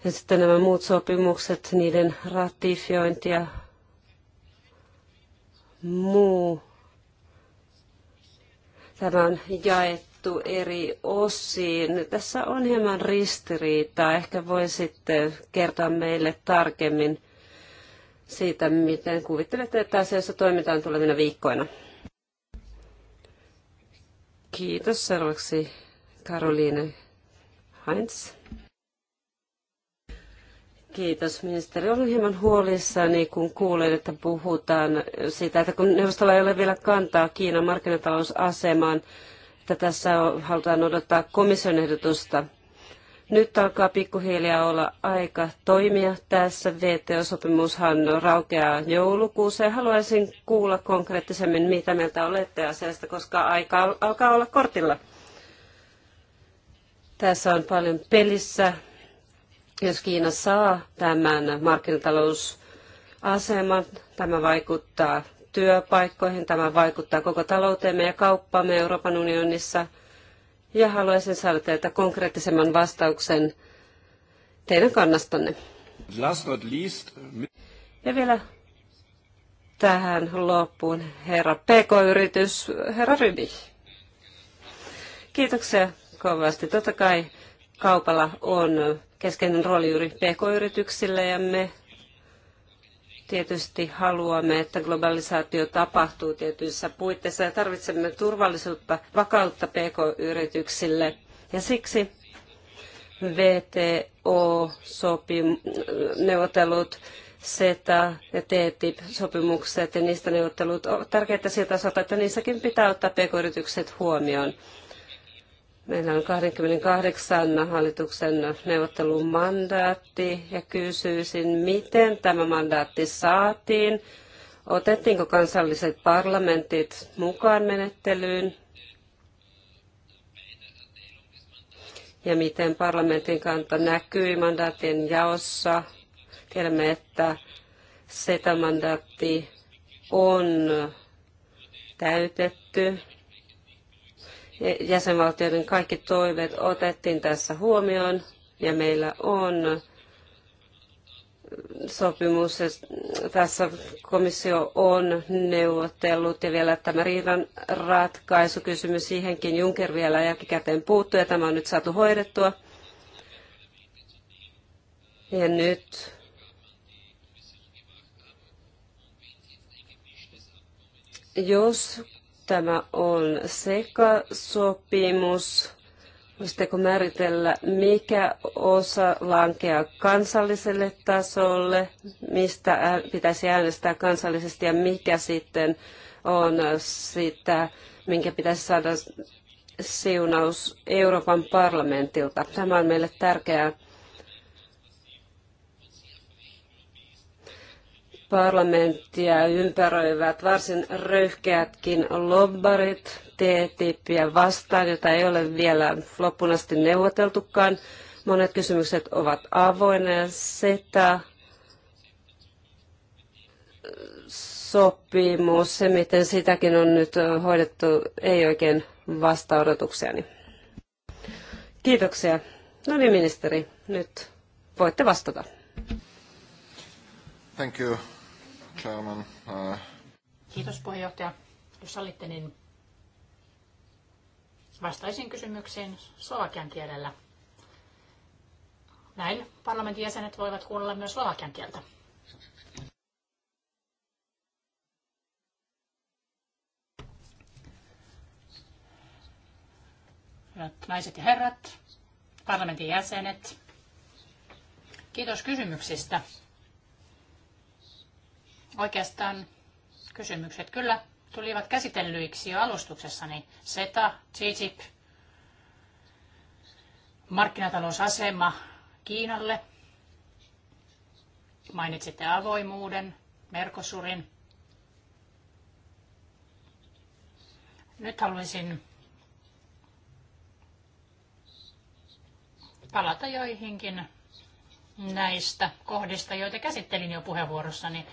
Ja sitten nämä muut sopimukset, niiden ratifiointi ja muu. Tämä on jaettu eri osiin. Tässä on hieman ristiriitaa. Ehkä voi sitten kertoa meille tarkemmin siitä, miten kuvittelette, että asiassa toimitaan tulevina viikkoina. Kiitos. Seuraavaksi Karoliine Heinz. Kiitos ministeri. Olen hieman huolissani, kun kuulen, että puhutaan siitä, että kun neuvostolla ei ole vielä kantaa Kiinan markkinatalousasemaan, että tässä halutaan odottaa komission ehdotusta nyt alkaa pikkuhiljaa olla aika toimia tässä. VTO-sopimushan raukeaa joulukuussa ja haluaisin kuulla konkreettisemmin, mitä mieltä olette asiasta, koska aika alkaa olla kortilla. Tässä on paljon pelissä. Jos Kiina saa tämän markkinatalousaseman, tämä vaikuttaa työpaikkoihin, tämä vaikuttaa koko talouteemme ja kauppaamme Euroopan unionissa – ja haluaisin saada teiltä konkreettisemman vastauksen teidän kannastanne. Last not least. Ja vielä tähän loppuun herra PK-yritys, herra Rybi. Kiitoksia kovasti. Totta kai kaupalla on keskeinen rooli juuri PK-yrityksille ja me Tietysti haluamme, että globalisaatio tapahtuu tietyissä puitteissa ja tarvitsemme turvallisuutta, vakautta pk-yrityksille. Ja siksi VTO-neuvottelut, CETA ja TTIP-sopimukset ja niistä neuvottelut ovat tärkeitä siltä osalta, että niissäkin pitää ottaa pk-yritykset huomioon. Meillä on 28 hallituksen neuvottelun mandaatti ja kysyisin, miten tämä mandaatti saatiin. Otettiinko kansalliset parlamentit mukaan menettelyyn? Ja miten parlamentin kanta näkyi mandaatin jaossa? Tiedämme, että SETA-mandaatti on täytetty Jäsenvaltioiden kaikki toiveet otettiin tässä huomioon ja meillä on sopimus. Tässä komissio on neuvotellut ja vielä tämä riidan ratkaisukysymys siihenkin Juncker vielä jälkikäteen puuttui ja tämä on nyt saatu hoidettua. Ja nyt jos Tämä on sekasopimus. Voisitteko määritellä, mikä osa lankeaa kansalliselle tasolle, mistä pitäisi äänestää kansallisesti ja mikä sitten on sitä, minkä pitäisi saada siunaus Euroopan parlamentilta. Tämä on meille tärkeää parlamenttia ympäröivät varsin röyhkeätkin lobbarit TTIPiä vastaan, jota ei ole vielä loppuun asti neuvoteltukaan. Monet kysymykset ovat avoinna ja sitä sopimus, se miten sitäkin on nyt hoidettu, ei oikein vasta odotuksiani. Kiitoksia. No niin, ministeri, nyt voitte vastata. Thank you. Chairman. Uh, kiitos puheenjohtaja. Jos sallitte, niin vastaisin kysymyksiin slovakian kielellä. Näin parlamentin jäsenet voivat kuunnella myös slovakian kieltä. Hyvät naiset ja herrat, parlamentin jäsenet, kiitos kysymyksistä. Oikeastaan kysymykset kyllä tulivat käsitellyiksi jo niin SETA, TTIP, markkinatalousasema Kiinalle. Mainitsitte avoimuuden, Merkosurin. Nyt haluaisin palata joihinkin näistä kohdista, joita käsittelin jo puheenvuorossani.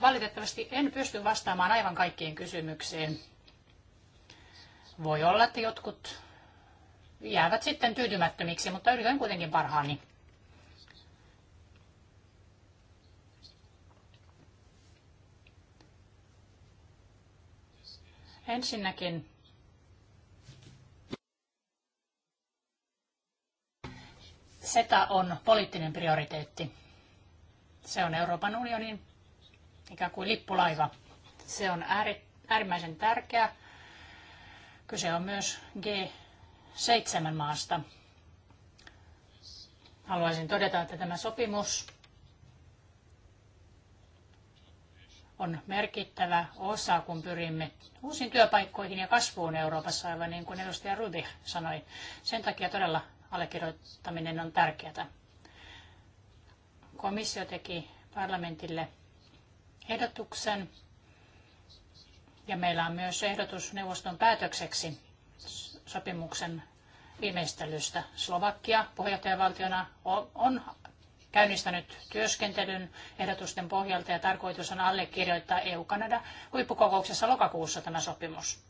Valitettavasti en pysty vastaamaan aivan kaikkiin kysymyksiin. Voi olla, että jotkut jäävät sitten tyytymättömiksi, mutta yritän kuitenkin parhaani. Ensinnäkin SETA on poliittinen prioriteetti. Se on Euroopan unionin ikään kuin lippulaiva. Se on äärimmäisen tärkeä. Kyse on myös G7 maasta. Haluaisin todeta, että tämä sopimus on merkittävä osa, kun pyrimme uusiin työpaikkoihin ja kasvuun Euroopassa, aivan niin kuin edustaja Rudi sanoi. Sen takia todella allekirjoittaminen on tärkeää. Komissio teki parlamentille ehdotuksen. Ja meillä on myös ehdotus neuvoston päätökseksi sopimuksen viimeistelystä. Slovakia puheenjohtajavaltiona on käynnistänyt työskentelyn ehdotusten pohjalta ja tarkoitus on allekirjoittaa EU-Kanada huippukokouksessa lokakuussa tämä sopimus.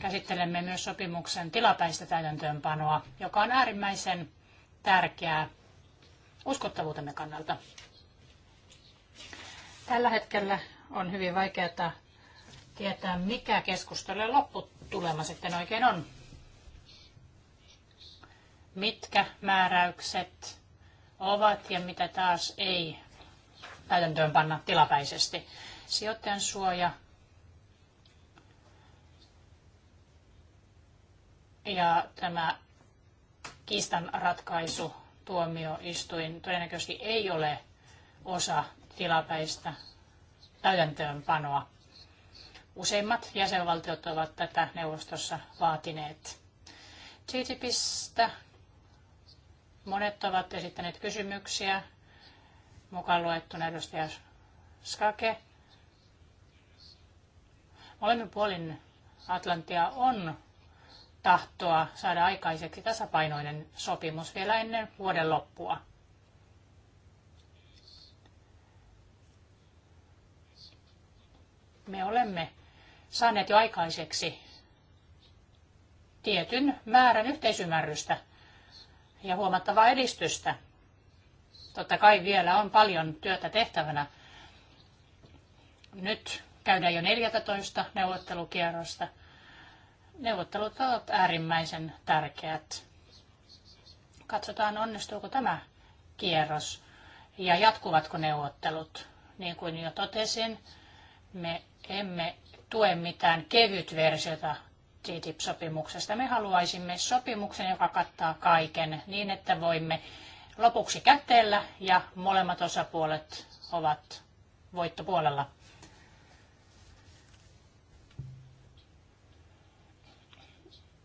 Käsittelemme myös sopimuksen tilapäistä täytäntöönpanoa, joka on äärimmäisen tärkeää uskottavuutemme kannalta. Tällä hetkellä on hyvin vaikeaa tietää, mikä keskustelujen lopputulema sitten oikein on. Mitkä määräykset ovat ja mitä taas ei täytäntöön panna tilapäisesti. Sijoittajan suoja ja tämä kiistan ratkaisu tuomioistuin todennäköisesti ei ole osa tilapäistä täytäntöönpanoa. Useimmat jäsenvaltiot ovat tätä neuvostossa vaatineet. TTIPistä monet ovat esittäneet kysymyksiä, mukaan luettuna edustaja Skake. Molemmin puolin Atlantia on tahtoa saada aikaiseksi tasapainoinen sopimus vielä ennen vuoden loppua. Me olemme saaneet jo aikaiseksi tietyn määrän yhteisymmärrystä ja huomattavaa edistystä. Totta kai vielä on paljon työtä tehtävänä. Nyt käydään jo 14 neuvottelukierrosta – neuvottelut ovat äärimmäisen tärkeät. Katsotaan, onnistuuko tämä kierros ja jatkuvatko neuvottelut. Niin kuin jo totesin, me emme tue mitään kevyt versiota TTIP-sopimuksesta. Me haluaisimme sopimuksen, joka kattaa kaiken niin, että voimme lopuksi käteellä ja molemmat osapuolet ovat voittopuolella.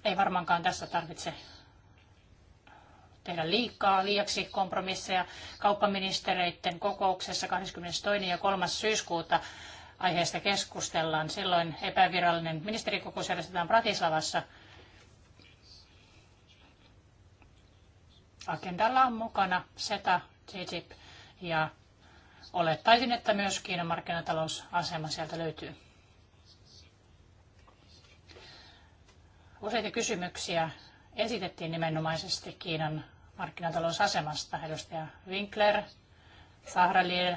Ei varmaankaan tässä tarvitse tehdä liikaa, liiaksi kompromisseja. Kauppaministereiden kokouksessa 22. ja 3. syyskuuta aiheesta keskustellaan. Silloin epävirallinen ministerikokous järjestetään Bratislavassa. Agendalla on mukana SETA, TTIP ja olettaisin, että myös Kiinan markkinatalousasema sieltä löytyy. Useita kysymyksiä esitettiin nimenomaisesti Kiinan markkinatalousasemasta. Edustaja Winkler, Sahraliel,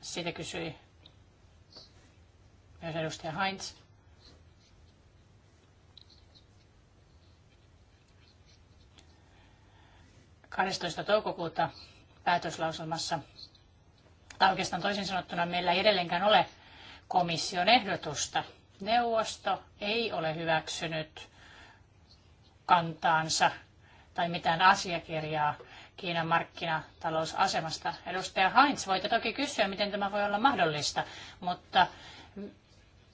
siitä kysyi myös edustaja Heinz. Kahdestoista toukokuuta päätöslauselmassa, tai oikeastaan toisin sanottuna meillä ei edelleenkään ole komission ehdotusta – Neuvosto ei ole hyväksynyt kantaansa tai mitään asiakirjaa Kiinan markkinatalousasemasta. Edustaja Heinz, voitte toki kysyä, miten tämä voi olla mahdollista, mutta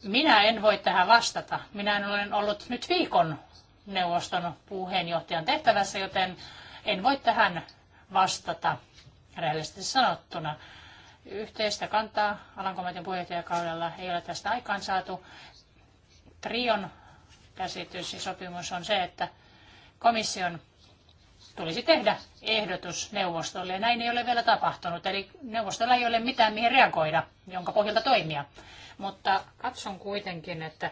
minä en voi tähän vastata. Minä olen ollut nyt viikon neuvoston puheenjohtajan tehtävässä, joten en voi tähän vastata rehellisesti sanottuna. Yhteistä kantaa Alankomaiden puheenjohtajakaudella ei ole tästä aikaan saatu. Trion käsitys ja sopimus on se, että komission tulisi tehdä ehdotus neuvostolle. Ja näin ei ole vielä tapahtunut, eli neuvostolla ei ole mitään mihin reagoida, jonka pohjalta toimia. Mutta katson kuitenkin, että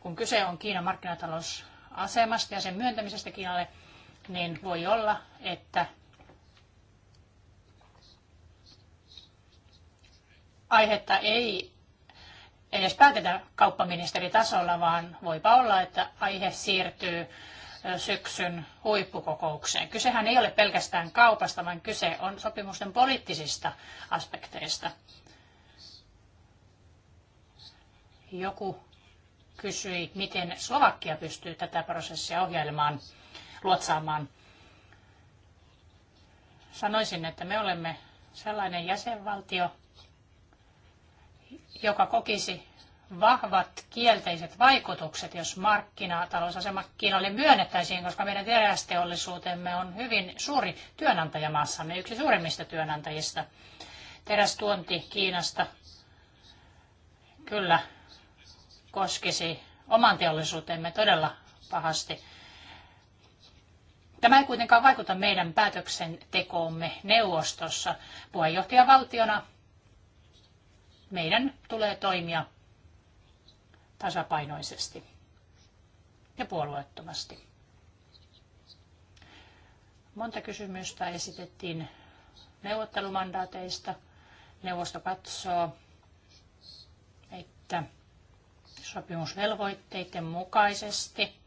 kun kyse on Kiinan markkinatalousasemasta ja sen myöntämisestä Kiinalle, niin voi olla, että aihetta ei edes päätetä kauppaministeritasolla, vaan voipa olla, että aihe siirtyy syksyn huippukokoukseen. Kysehän ei ole pelkästään kaupasta, vaan kyse on sopimusten poliittisista aspekteista. Joku kysyi, miten Slovakia pystyy tätä prosessia ohjailemaan, luotsaamaan. Sanoisin, että me olemme sellainen jäsenvaltio, joka kokisi vahvat kielteiset vaikutukset, jos markkinatalousasema Kiinalle myönnettäisiin, koska meidän terästeollisuutemme on hyvin suuri työnantaja maassamme, yksi suurimmista työnantajista. Terästuonti Kiinasta kyllä koskisi oman teollisuutemme todella pahasti. Tämä ei kuitenkaan vaikuta meidän päätöksentekoomme neuvostossa. Puheenjohtajavaltiona meidän tulee toimia tasapainoisesti ja puolueettomasti. Monta kysymystä esitettiin neuvottelumandaateista. Neuvosto katsoo, että sopimusvelvoitteiden mukaisesti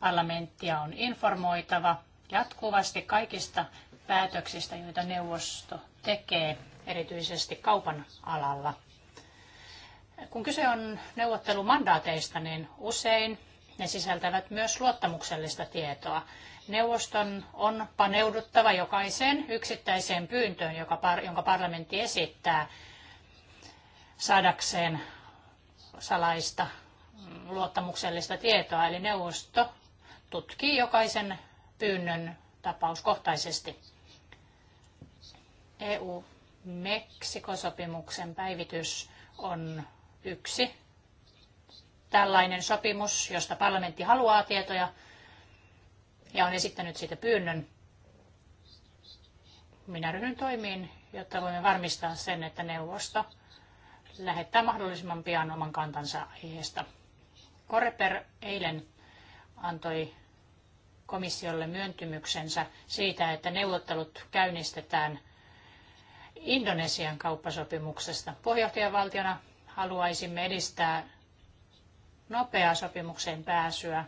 parlamenttia on informoitava jatkuvasti kaikista päätöksistä, joita neuvosto tekee, erityisesti kaupan alalla. Kun kyse on neuvottelumandaateista, niin usein ne sisältävät myös luottamuksellista tietoa. Neuvoston on paneuduttava jokaiseen yksittäiseen pyyntöön, jonka parlamentti esittää saadakseen salaista mm, luottamuksellista tietoa. Eli neuvosto tutkii jokaisen pyynnön tapauskohtaisesti. EU-Meksikosopimuksen päivitys on yksi tällainen sopimus, josta parlamentti haluaa tietoja ja on esittänyt siitä pyynnön. Minä ryhdyn toimiin, jotta voimme varmistaa sen, että neuvosto lähettää mahdollisimman pian oman kantansa aiheesta. Koreper eilen antoi komissiolle myöntymyksensä siitä, että neuvottelut käynnistetään Indonesian kauppasopimuksesta. Puheenjohtajavaltiona haluaisimme edistää nopeaa sopimukseen pääsyä,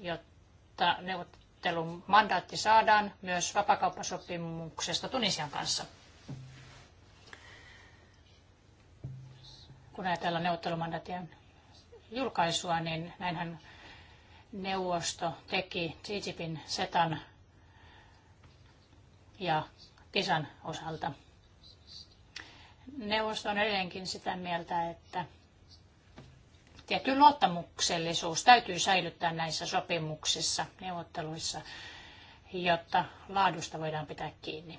jotta neuvottelun mandaatti saadaan myös vapakauppasopimuksesta Tunisian kanssa. Kun ajatellaan neuvottelumandaatien julkaisua, niin näinhän neuvosto teki TTIPin, SETAN ja TISAN osalta neuvosto on edelleenkin sitä mieltä, että tietty luottamuksellisuus täytyy säilyttää näissä sopimuksissa, neuvotteluissa, jotta laadusta voidaan pitää kiinni.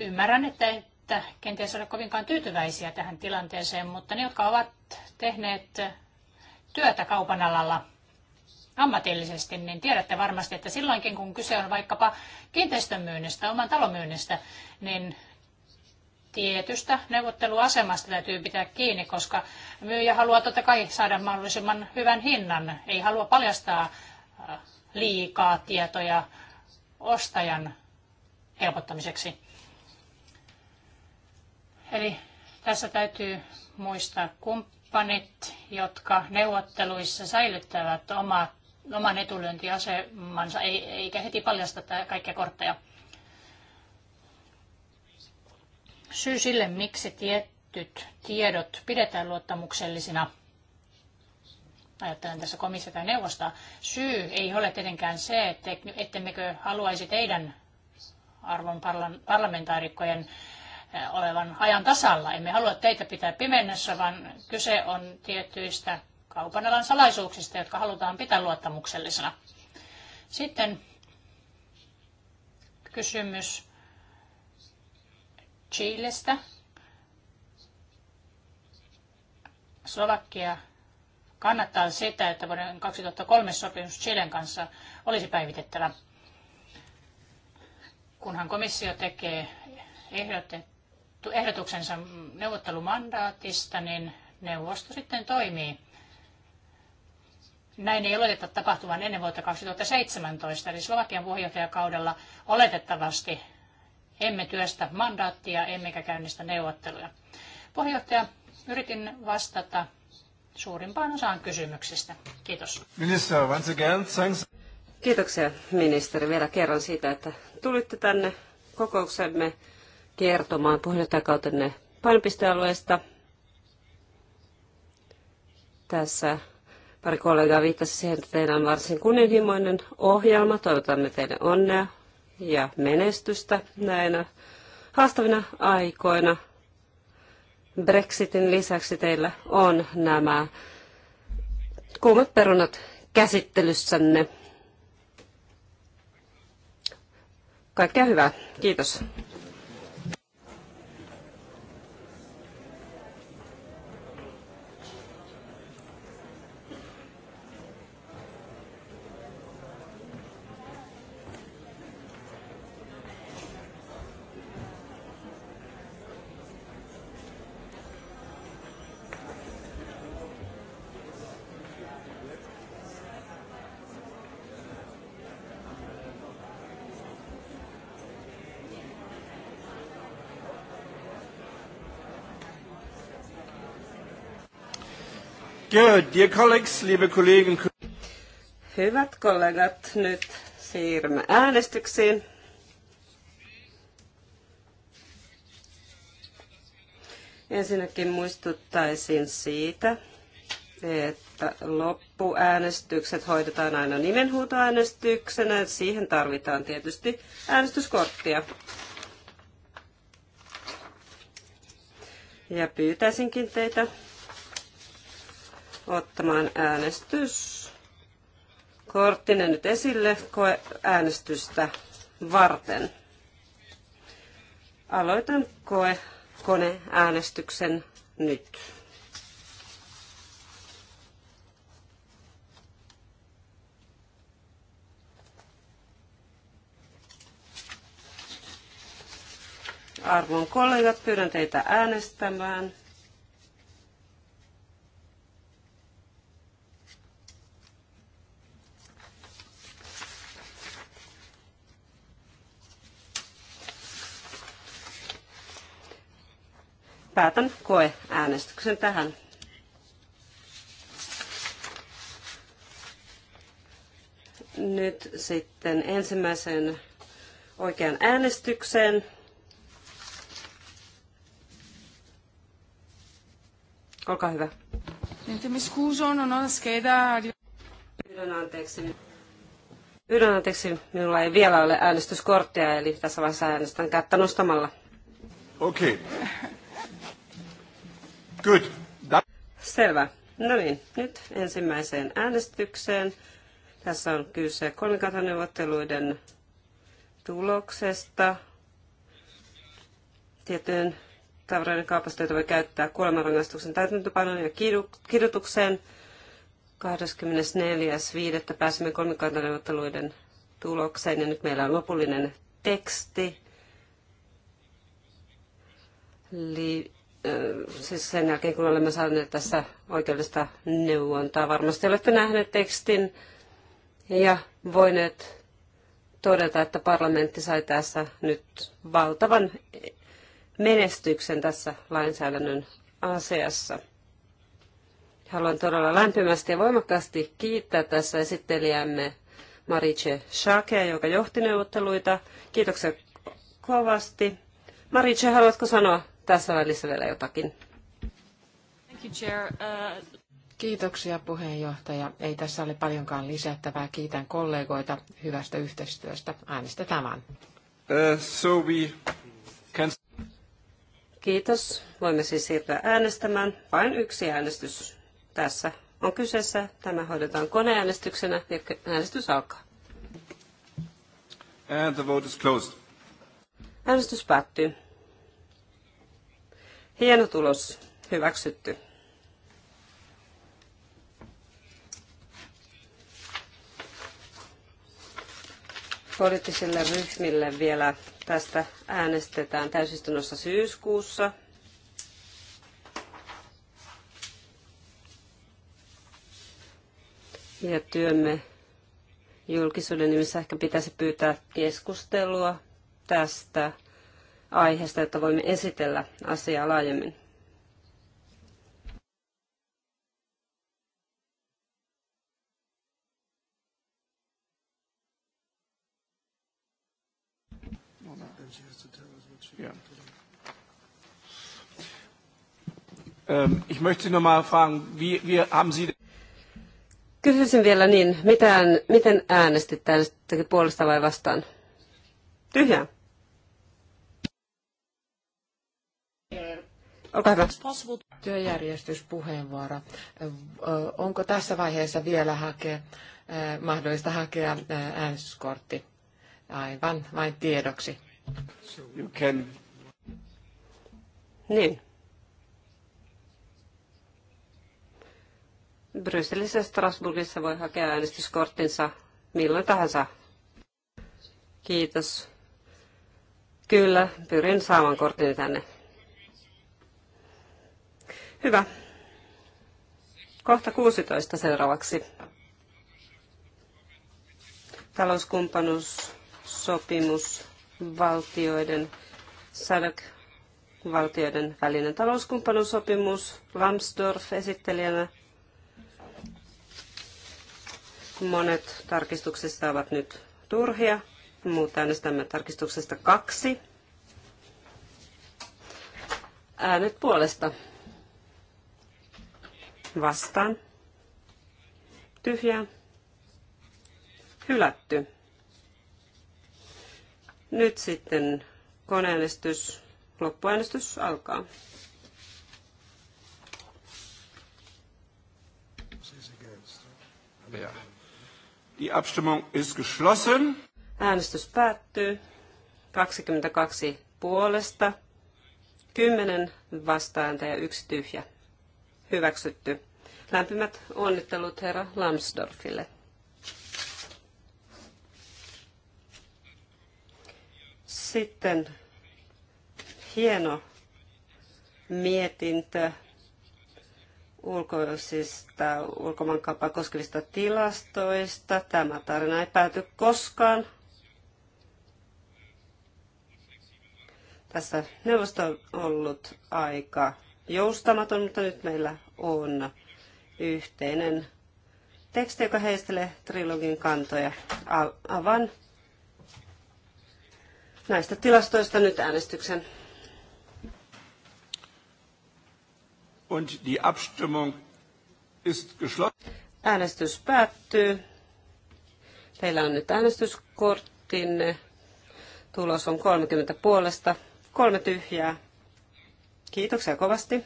Ymmärrän, että, että kenties ole kovinkaan tyytyväisiä tähän tilanteeseen, mutta ne, jotka ovat tehneet työtä kaupan alalla, ammatillisesti, niin tiedätte varmasti, että silloinkin kun kyse on vaikkapa kiinteistön myynnistä, oman talon myynnistä, niin tietystä neuvotteluasemasta täytyy pitää kiinni, koska myyjä haluaa totta kai saada mahdollisimman hyvän hinnan, ei halua paljastaa äh, liikaa tietoja ostajan helpottamiseksi. Eli tässä täytyy muistaa kumppanit, jotka neuvotteluissa säilyttävät omat oman etulyöntiasemansa, eikä heti paljasta kaikkia kortteja. Syy sille, miksi tietyt tiedot pidetään luottamuksellisina, ajattelen tässä komissiota ja neuvosta, syy ei ole tietenkään se, että ettemmekö haluaisi teidän arvon parlamentaarikkojen eh, olevan ajan tasalla. Emme halua teitä pitää pimennossa, vaan kyse on tietyistä kaupan alan salaisuuksista, jotka halutaan pitää luottamuksellisena. Sitten kysymys Chilestä. Slovakia kannattaa sitä, että vuoden 2003 sopimus Chilen kanssa olisi päivitettävä, kunhan komissio tekee ehdotuksensa neuvottelumandaatista, niin neuvosto sitten toimii näin ei oleteta tapahtuvan ennen vuotta 2017, eli Slovakian puheenjohtajakaudella oletettavasti emme työstä mandaattia emmekä käynnistä neuvotteluja. Puheenjohtaja, yritin vastata suurimpaan osaan kysymyksistä. Kiitos. Minister, once again, thanks. Kiitoksia ministeri vielä kerran siitä, että tulitte tänne kokouksemme kertomaan puheenjohtajakautenne painopistealueesta. Tässä Pari kollegaa viittasi siihen, että teillä on varsin kunnianhimoinen ohjelma. Toivotamme teille onnea ja menestystä näinä haastavina aikoina. Brexitin lisäksi teillä on nämä kuumat perunat käsittelyssänne. Kaikkea hyvää. Kiitos. Good, dear colleagues, liebe Kollegen. Hyvät kollegat, nyt siirrymme äänestyksiin. Ensinnäkin muistuttaisin siitä, että loppuäänestykset hoidetaan aina nimenhuutoäänestyksenä. Siihen tarvitaan tietysti äänestyskorttia. Ja pyytäisinkin teitä ottamaan äänestys. Korttinen nyt esille koeäänestystä varten. Aloitan koe koneäänestyksen nyt. Arvon kollegat, pyydän teitä äänestämään. päätän koeäänestyksen tähän. Nyt sitten ensimmäisen oikean äänestykseen. Olkaa hyvä. Pyydän anteeksi. Pyydän anteeksi, minulla ei vielä ole äänestyskorttia, eli tässä vaiheessa äänestän kättä nostamalla. Okei. Okay. Good. That... Selvä. No niin, nyt ensimmäiseen äänestykseen. Tässä on kyse kolmikantaneuvotteluiden tuloksesta. Tiettyjen tavaroiden kaupasta, voi käyttää kuolemanrangaistuksen täytäntöpanon ja kidutukseen. 24.5. pääsimme kolmikantaneuvotteluiden tulokseen ja nyt meillä on lopullinen teksti. Li- siis sen jälkeen kun olemme saaneet tässä oikeudesta neuvontaa, varmasti olette nähneet tekstin ja voineet todeta, että parlamentti sai tässä nyt valtavan menestyksen tässä lainsäädännön asiassa. Haluan todella lämpimästi ja voimakkaasti kiittää tässä esittelijämme Marice Schakea, joka johti neuvotteluita. Kiitoksia kovasti. Marice, haluatko sanoa tässä välissä vielä jotakin. Uh, Kiitoksia puheenjohtaja. Ei tässä ole paljonkaan lisättävää. Kiitän kollegoita hyvästä yhteistyöstä. Äänestetään vaan. Uh, so we can... Kiitos. Voimme siis siirtyä äänestämään. Vain yksi äänestys tässä on kyseessä. Tämä hoidetaan koneäänestyksenä ja äänestys alkaa. And the vote is closed. Äänestys päättyy. Hieno tulos. Hyväksytty. Poliittisille ryhmille vielä tästä äänestetään täysistunnossa syyskuussa. Ja työmme julkisuuden nimissä ehkä pitäisi pyytää keskustelua tästä aiheesta, jotta voimme esitellä asiaa laajemmin. Ähm, Kysyisin vielä niin, mitään, miten äänestit, äänestit puolesta vai vastaan? Tyhjää. Olkaa hyvä. Työjärjestyspuheenvuoro. Onko tässä vaiheessa vielä hakea, mahdollista hakea äänestyskortti? Aivan, vain tiedoksi. You can... Niin. Brysselissä ja Strasbourgissa voi hakea äänestyskorttinsa milloin tahansa. Kiitos. Kyllä, pyrin saamaan korttini tänne. Hyvä. Kohta 16 seuraavaksi. Talouskumppanuussopimus valtioiden SADC valtioiden välinen talouskumppanuussopimus Lambsdorff esittelijänä. Monet tarkistuksista ovat nyt turhia. mutta äänestämme tarkistuksesta kaksi. Äänet puolesta vastaan, tyhjä, hylätty. Nyt sitten koneäänestys, loppuäänestys alkaa. Die Abstimmung ist geschlossen. Äänestys päättyy. 22 puolesta, 10 vastaan ja yksi tyhjä hyväksytty. Lämpimät onnittelut herra Lambsdorffille. Sitten hieno mietintö ulkoisista ulkomaankauppaa koskevista tilastoista. Tämä tarina ei pääty koskaan. Tässä neuvosto on ollut aika joustamaton, mutta nyt meillä on yhteinen teksti, joka heistelee trilogin kantoja. Avan näistä tilastoista nyt äänestyksen. Und die Abstimmung ist geschlossen. Äänestys päättyy. Teillä on nyt äänestyskorttinne. Tulos on 30 puolesta, kolme tyhjää, Kiitoksia kovasti.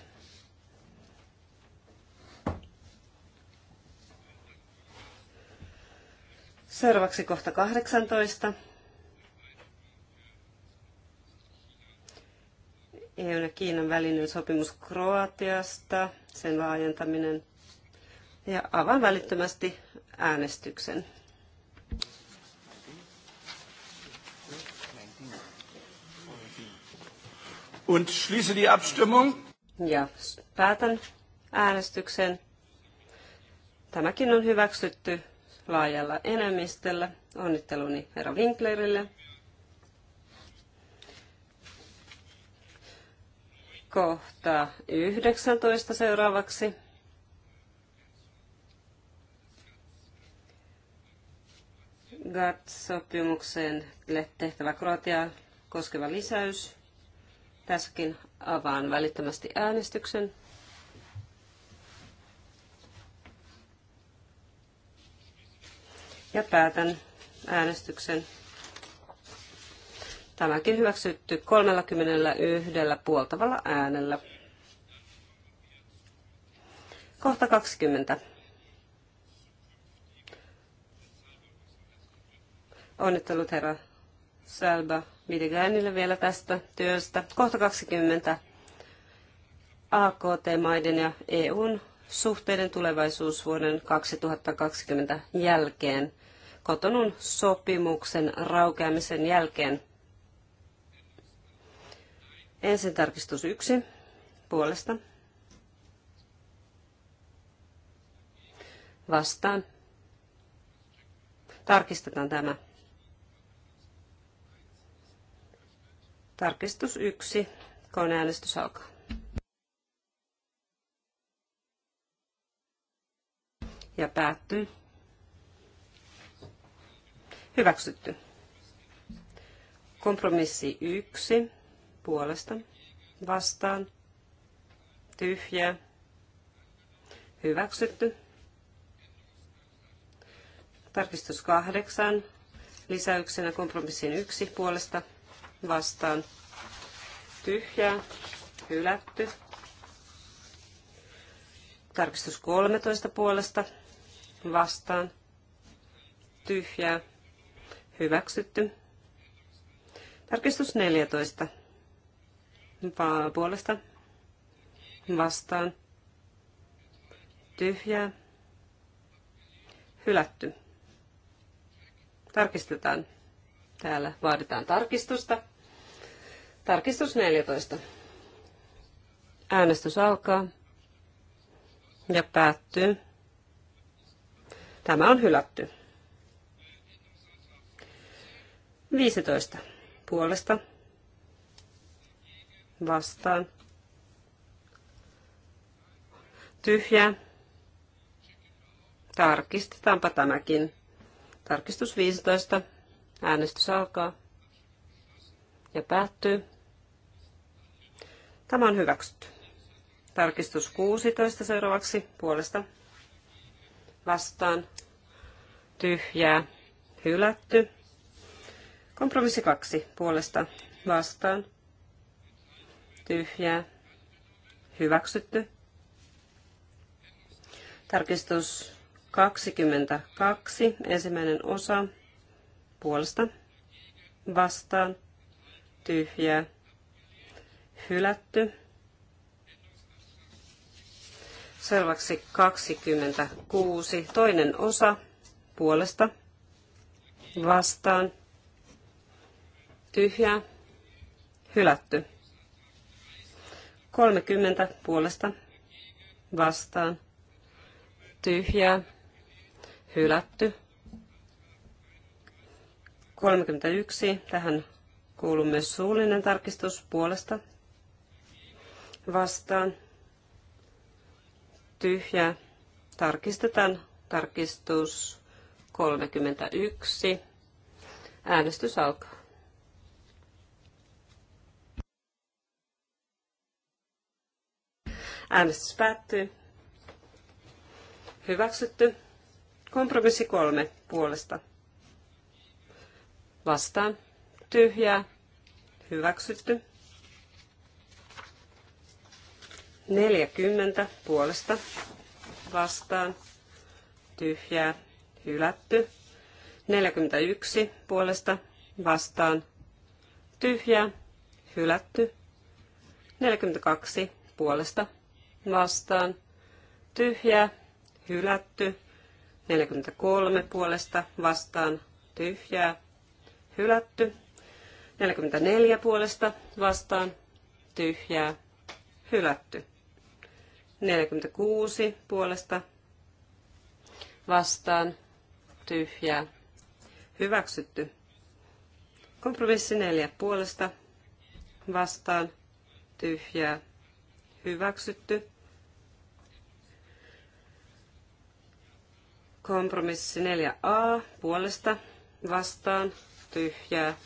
Seuraavaksi kohta 18. EU ja Kiinan välinen sopimus Kroatiasta, sen laajentaminen. Ja avaan välittömästi äänestyksen. Und schließe die Abstimmung. Ja päätän äänestyksen. Tämäkin on hyväksytty laajalla enemmistöllä. Onnitteluni herra Winklerille. Kohta 19 seuraavaksi. GATT-sopimukseen tehtävä Kroatia koskeva lisäys. Tässäkin avaan välittömästi äänestyksen. Ja päätän äänestyksen. Tämäkin hyväksytty 31 puoltavalla äänellä. Kohta 20. Onnittelut herra Sälbä mitä Midigainille vielä tästä työstä. Kohta 20. AKT-maiden ja EUn suhteiden tulevaisuus vuoden 2020 jälkeen, kotonun sopimuksen raukeamisen jälkeen. Ensin tarkistus yksi puolesta. Vastaan. Tarkistetaan tämä. Tarkistus 1. Koneäänestys alkaa. Ja päättyy. Hyväksytty. Kompromissi 1. Puolesta. Vastaan. Tyhjää. Hyväksytty. Tarkistus 8. Lisäyksenä kompromissin 1. Puolesta vastaan tyhjää, hylätty. Tarkistus 13 puolesta vastaan tyhjää, hyväksytty. Tarkistus 14 puolesta vastaan tyhjää, hylätty. Tarkistetaan. Täällä vaaditaan tarkistusta. Tarkistus 14. Äänestys alkaa ja päättyy. Tämä on hylätty. 15. Puolesta. Vastaan. Tyhjä. Tarkistetaanpa tämäkin. Tarkistus 15. Äänestys alkaa ja päättyy. Tämä on hyväksytty. Tarkistus 16 seuraavaksi puolesta. Vastaan. Tyhjää. Hylätty. Kompromissi 2 puolesta. Vastaan. Tyhjää. Hyväksytty. Tarkistus 22. Ensimmäinen osa puolesta vastaan tyhjää hylätty. Seuraavaksi 26. Toinen osa puolesta vastaan tyhjää hylätty. 30 puolesta vastaan tyhjää hylätty. 31. Tähän kuuluu myös suullinen tarkistus puolesta vastaan. Tyhjä. Tarkistetaan tarkistus 31. Äänestys alkaa. Äänestys päättyy. Hyväksytty. Kompromissi kolme puolesta vastaan tyhjää hyväksytty. 40 puolesta vastaan tyhjää hylätty. 41 puolesta vastaan tyhjää hylätty. 42 puolesta vastaan tyhjää hylätty. 43 puolesta vastaan tyhjää hylätty. 44 puolesta vastaan tyhjää hylätty. 46 puolesta vastaan tyhjää hyväksytty. Kompromissi 4 puolesta vastaan tyhjää hyväksytty. Kompromissi 4a puolesta vastaan tyhjää.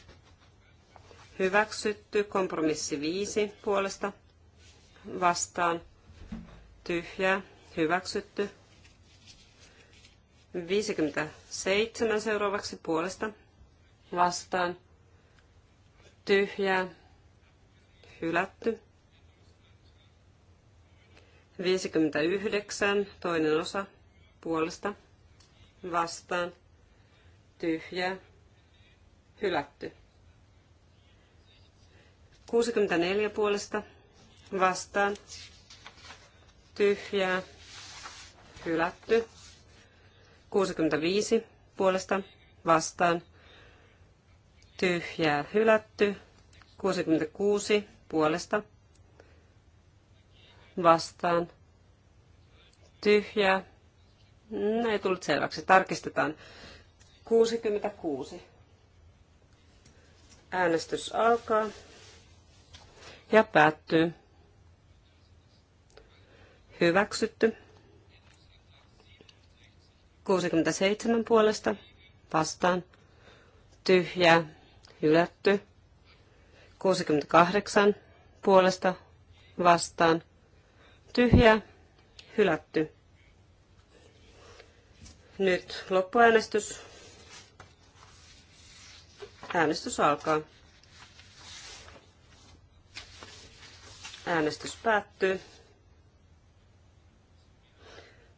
Hyväksytty. Kompromissi 5 puolesta vastaan tyhjää. Hyväksytty. 57 seuraavaksi puolesta vastaan tyhjää. Hylätty. 59, toinen osa, puolesta, vastaan, tyhjää, hylätty. 64 puolesta vastaan tyhjää hylätty. 65 puolesta vastaan tyhjää hylätty. 66 puolesta vastaan tyhjää. No, ei tullut selväksi. Tarkistetaan. 66. Äänestys alkaa ja päättyy. Hyväksytty. 67 puolesta vastaan. Tyhjää. Hylätty. 68 puolesta vastaan. Tyhjää. Hylätty. Nyt loppuäänestys. Äänestys alkaa. Äänestys päättyy.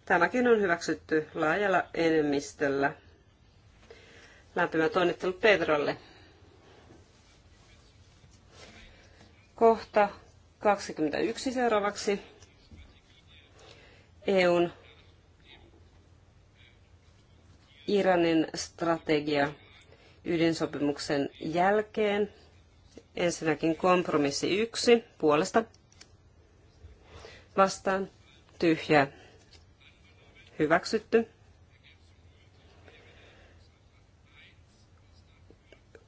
Tämäkin on hyväksytty laajalla enemmistöllä. Lämpimät onnittelut Pedrolle. Kohta 21 seuraavaksi. EUn Iranin strategia ydinsopimuksen jälkeen. Ensinnäkin kompromissi yksi puolesta vastaan tyhjä hyväksytty.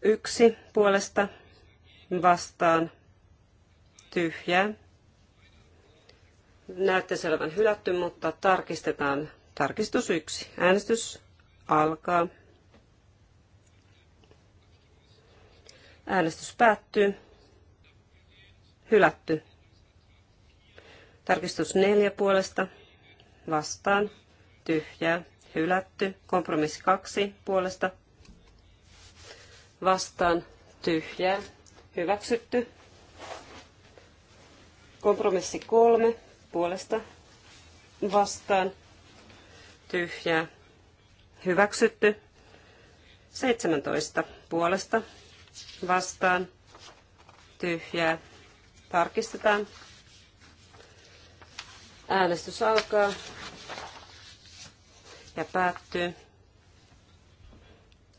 Yksi puolesta vastaan tyhjä. Näette selvän hylätty, mutta tarkistetaan tarkistus yksi. Äänestys alkaa. Äänestys päättyy. Hylätty. Tarkistus neljä puolesta. Vastaan. Tyhjää. Hylätty. Kompromissi kaksi puolesta. Vastaan. Tyhjää. Hyväksytty. Kompromissi kolme puolesta. Vastaan. Tyhjää. Hyväksytty. 17 puolesta vastaan tyhjää. Tarkistetaan. Äänestys alkaa ja päättyy.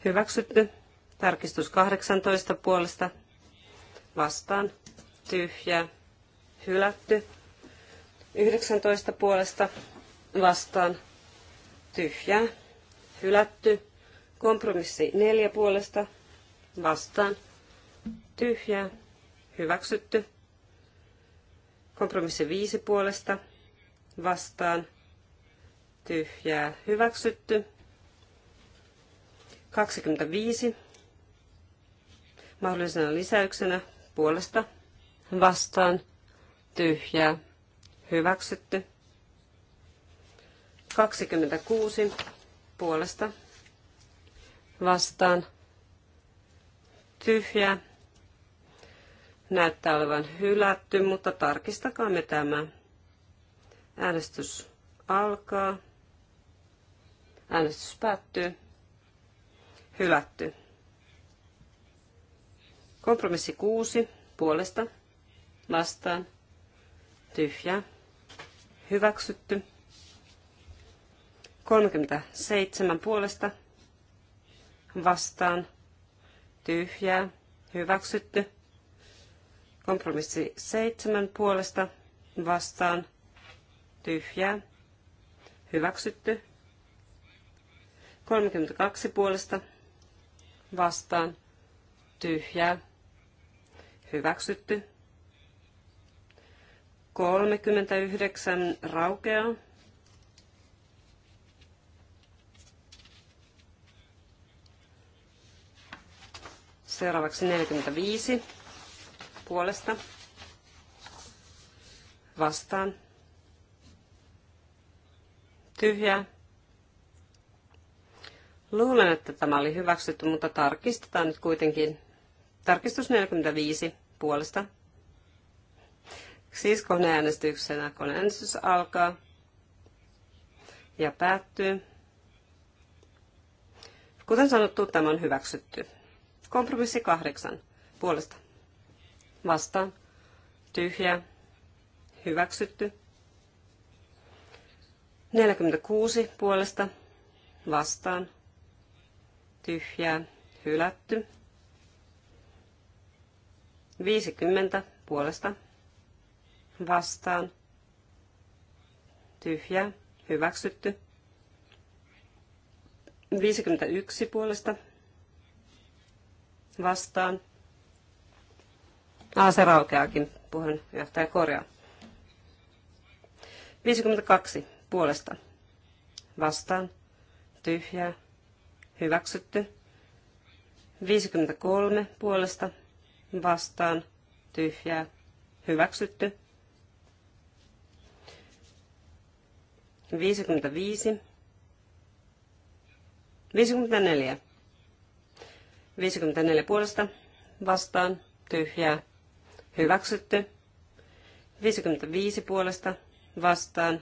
Hyväksytty. Tarkistus 18 puolesta vastaan tyhjää. Hylätty. 19 puolesta vastaan tyhjää. Hylätty. Kompromissi 4 puolesta vastaan, tyhjää, hyväksytty. Kompromissi viisi puolesta, vastaan, tyhjää, hyväksytty. 25 mahdollisena lisäyksenä puolesta, vastaan, tyhjää, hyväksytty. 26 puolesta, vastaan, tyhjä. Näyttää olevan hylätty, mutta tarkistakaamme tämä. Äänestys alkaa. Äänestys päättyy. Hylätty. Kompromissi 6. Puolesta. Vastaan. Tyhjä. Hyväksytty. 37 puolesta. Vastaan tyhjää, hyväksytty. Kompromissi seitsemän puolesta vastaan, tyhjää, hyväksytty. 32 puolesta vastaan, tyhjää, hyväksytty. 39 raukeaa. Seuraavaksi 45 puolesta vastaan. Tyhjää. Luulen, että tämä oli hyväksytty, mutta tarkistetaan nyt kuitenkin. Tarkistus 45 puolesta. Siis koneäänestyksenä. Koneäänestys alkaa ja päättyy. Kuten sanottu, tämä on hyväksytty. Kompromissi kahdeksan. Puolesta. Vastaan. Tyhjä. Hyväksytty. 46 puolesta. Vastaan. Tyhjää. Hylätty. 50 puolesta. Vastaan. Tyhjää. Hyväksytty. 51 puolesta vastaan. Aa, ah, se raukeakin, puheenjohtaja korjaa. 52 puolesta vastaan, tyhjää, hyväksytty. 53 puolesta vastaan, tyhjää, hyväksytty. 55, 54 54 puolesta vastaan tyhjää hyväksytty. 55 puolesta vastaan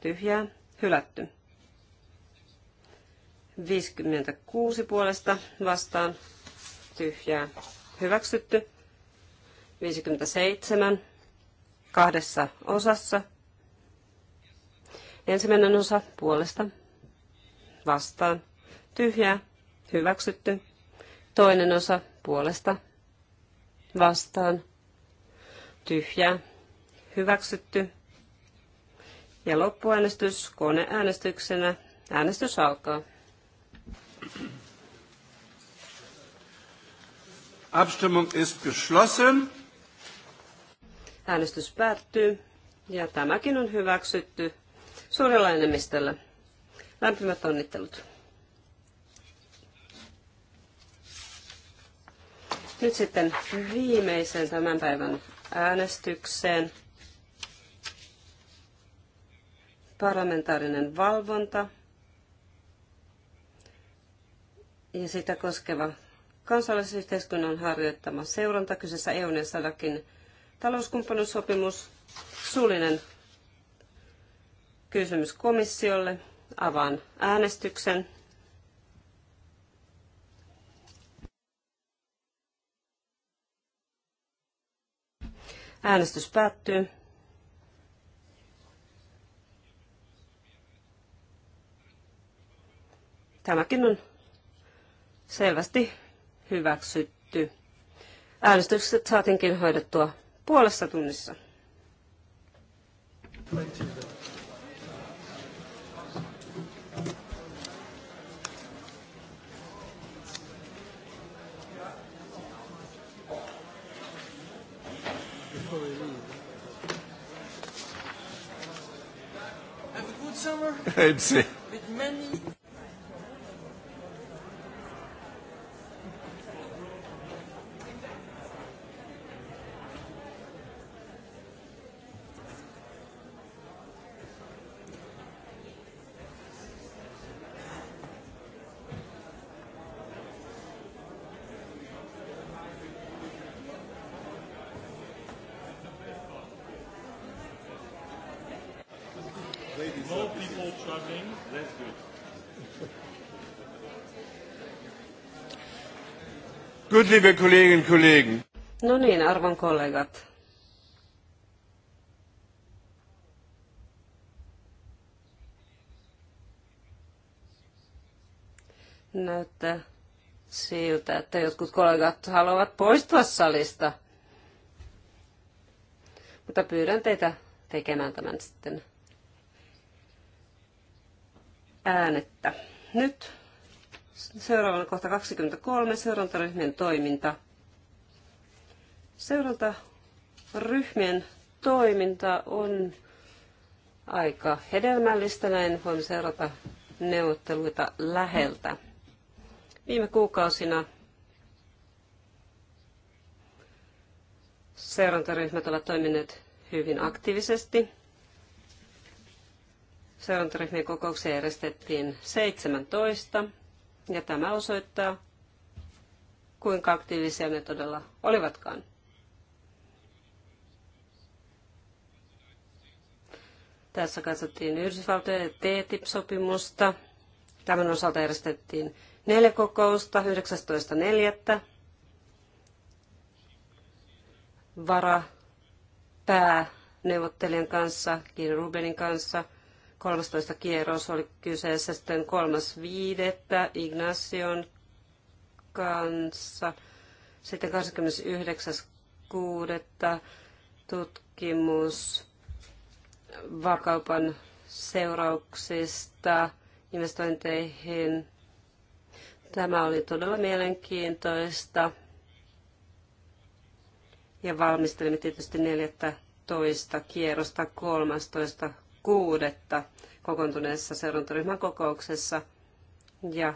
tyhjää hylätty. 56 puolesta vastaan tyhjää hyväksytty. 57 kahdessa osassa. Ensimmäinen osa puolesta vastaan. Tyhjää. Hyväksytty. Toinen osa puolesta vastaan. Tyhjää. Hyväksytty. Ja loppuäänestys koneäänestyksenä. Äänestys alkaa. Abstimmung ist geschlossen. Äänestys päättyy ja tämäkin on hyväksytty suurella enemmistöllä. Lämpimät onnittelut. Nyt sitten viimeisen tämän päivän äänestykseen. Parlamentaarinen valvonta ja sitä koskeva kansalaisyhteiskunnan harjoittama seuranta. Kyseessä EUn ja Sadakin talouskumppanuussopimus. Suullinen kysymys komissiolle. Avaan äänestyksen. Äänestys päättyy. Tämäkin on selvästi hyväksytty. Äänestykset saatiinkin hoidettua puolessa tunnissa. Thank you. Hepsi. Gut, liebe Kolleginnen Kollegen. No niin, arvon kollegat. Näyttää siltä, että jotkut kollegat haluavat poistua salista. Mutta pyydän teitä tekemään tämän sitten äänettä. Nyt Seuraavana kohta 23, seurantaryhmien toiminta. Seurantaryhmien toiminta on aika hedelmällistä, näin voimme seurata neuvotteluita läheltä. Viime kuukausina seurantaryhmät ovat toimineet hyvin aktiivisesti. Seurantaryhmien kokouksia järjestettiin 17 ja tämä osoittaa, kuinka aktiivisia ne todella olivatkaan. Tässä katsottiin Yhdysvaltojen TTIP-sopimusta. Tämän osalta järjestettiin neljä kokousta 19.4. Vara pääneuvottelijan kanssa, Kiin Rubenin kanssa – 13 kierros oli kyseessä sitten kolmas viidettä Ignacion kanssa. Sitten 29.6. tutkimus vakaupan seurauksista investointeihin. Tämä oli todella mielenkiintoista. Ja valmistelimme tietysti 14 kierrosta 13 kuudetta kokoontuneessa seurantaryhmän kokouksessa ja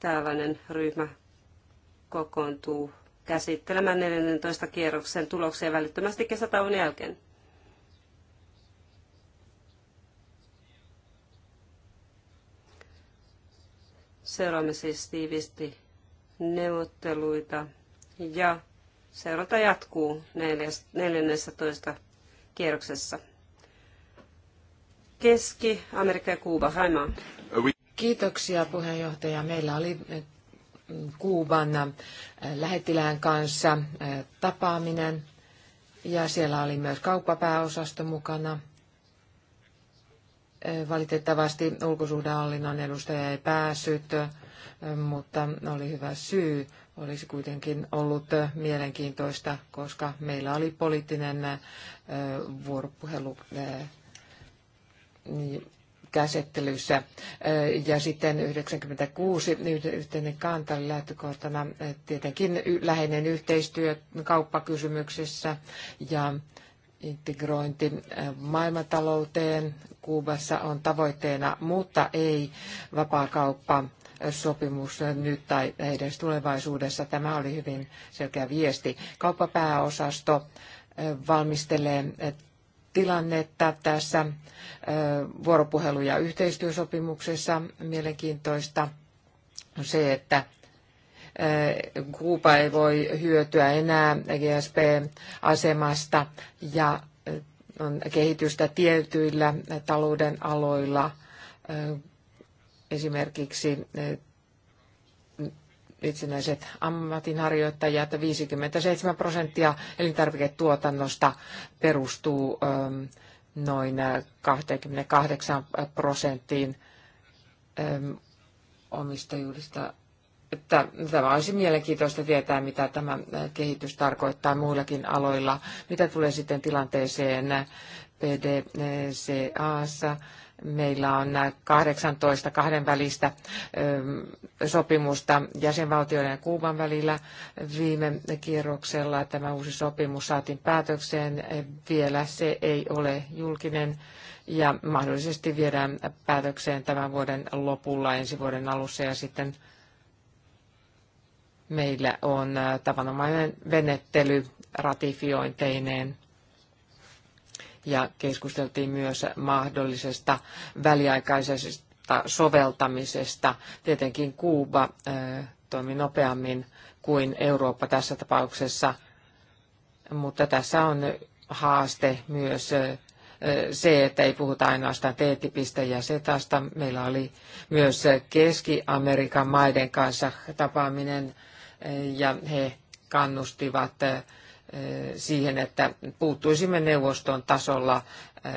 tällainen ryhmä kokoontuu käsittelemään 14 kierroksen tuloksia välittömästi kesätauon jälkeen. Seuraamme siis tiivisti neuvotteluita ja seuranta jatkuu 14. kierroksessa. Keski-Amerikka ja Kuuba. Kiitoksia puheenjohtaja. Meillä oli mm, Kuuban äh, lähettilään kanssa äh, tapaaminen ja siellä oli myös kauppapääosasto mukana. Äh, valitettavasti ulkosuhdehallinnon edustaja ei päässyt, mutta oli hyvä syy. Olisi kuitenkin ollut mielenkiintoista, koska meillä oli poliittinen vuoropuhelu käsittelyssä. Ja sitten 1996 niin yhteinen kanta lähtökohtana tietenkin läheinen yhteistyö kauppakysymyksissä ja integrointi maailmantalouteen. Kuubassa on tavoitteena, mutta ei vapaakauppa sopimus nyt tai edes tulevaisuudessa. Tämä oli hyvin selkeä viesti. Kauppapääosasto valmistelee tilannetta tässä vuoropuhelu- ja yhteistyösopimuksessa. Mielenkiintoista on se, että Kuuba ei voi hyötyä enää GSP-asemasta ja on kehitystä tietyillä talouden aloilla, esimerkiksi itsenäiset ammatinharjoittajat. 57 prosenttia elintarviketuotannosta perustuu ähm, noin 28 prosenttiin ähm, omistajuudesta. Tämä olisi mielenkiintoista tietää, mitä tämä äh, kehitys tarkoittaa muillakin aloilla. Mitä tulee sitten tilanteeseen PDCAssa? Meillä on 18 kahdenvälistä sopimusta jäsenvaltioiden ja Kuuban välillä. Viime kierroksella tämä uusi sopimus saatiin päätökseen. Vielä se ei ole julkinen ja mahdollisesti viedään päätökseen tämän vuoden lopulla, ensi vuoden alussa ja sitten meillä on tavanomainen venettely ratifiointeineen ja keskusteltiin myös mahdollisesta väliaikaisesta soveltamisesta. Tietenkin Kuuba toimi nopeammin kuin Eurooppa tässä tapauksessa, mutta tässä on haaste myös se, että ei puhuta ainoastaan TTIPistä ja setasta. Meillä oli myös Keski-Amerikan maiden kanssa tapaaminen ja he kannustivat siihen, että puuttuisimme neuvoston tasolla, äh,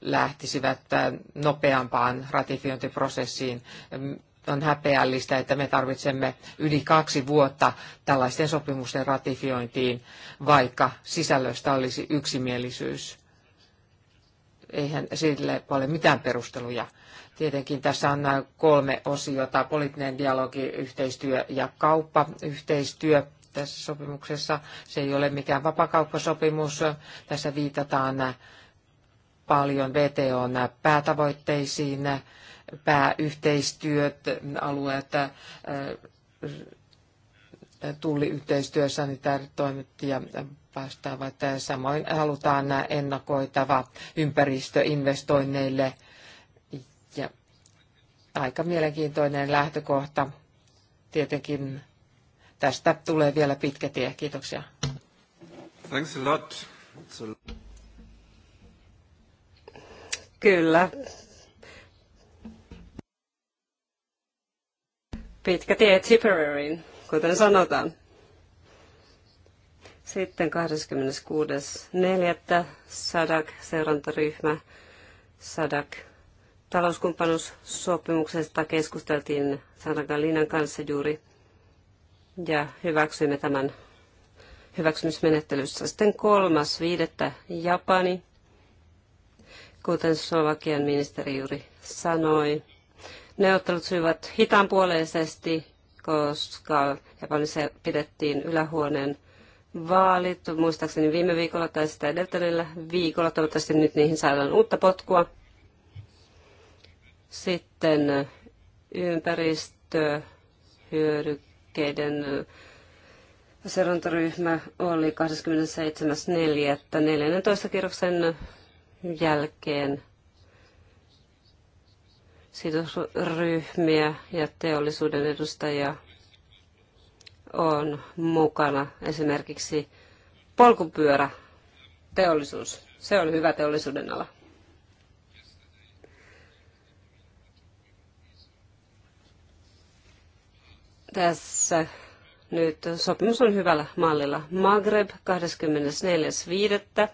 lähtisivät äh, nopeampaan ratifiointiprosessiin. Äh, on häpeällistä, että me tarvitsemme yli kaksi vuotta tällaisten sopimusten ratifiointiin, vaikka sisällöstä olisi yksimielisyys. Eihän sille ole mitään perusteluja. Tietenkin tässä on nämä kolme osiota, poliittinen dialogi, yhteistyö ja kauppa. Yhteistyö tässä sopimuksessa. Se ei ole mikään vapakauppasopimus. Tässä viitataan paljon VTOn päätavoitteisiin, pääyhteistyöt, alueet, äh, tulliyhteistyössä sanitaaritoimet ja vastaavat. Samoin halutaan ennakoitava ympäristöinvestoinneille ja aika mielenkiintoinen lähtökohta. Tietenkin tästä tulee vielä pitkä tie. Kiitoksia. Thanks a lot. A... Kyllä. Pitkä tie Tipperaryin, kuten sanotaan. Sitten 26.4. SADAK, seurantaryhmä, SADAK, talouskumppanuussopimuksesta keskusteltiin Sanagalinan kanssa juuri ja hyväksyimme tämän hyväksymismenettelyssä. Sitten kolmas viidettä Japani, kuten Slovakian ministeri juuri sanoi. Neuvottelut sujuvat hitaanpuoleisesti, koska Japanissa pidettiin ylähuoneen vaalit, muistaakseni viime viikolla tai sitä edeltäneellä viikolla. Toivottavasti nyt niihin saadaan uutta potkua. Sitten ympäristöhyödyk liikkeiden seurantaryhmä oli 27.4. 14. kierroksen jälkeen sidosryhmiä ja teollisuuden edustajia on mukana. Esimerkiksi polkupyörä teollisuus. Se on hyvä teollisuuden ala. Tässä nyt sopimus on hyvällä mallilla. Maghreb 24.5.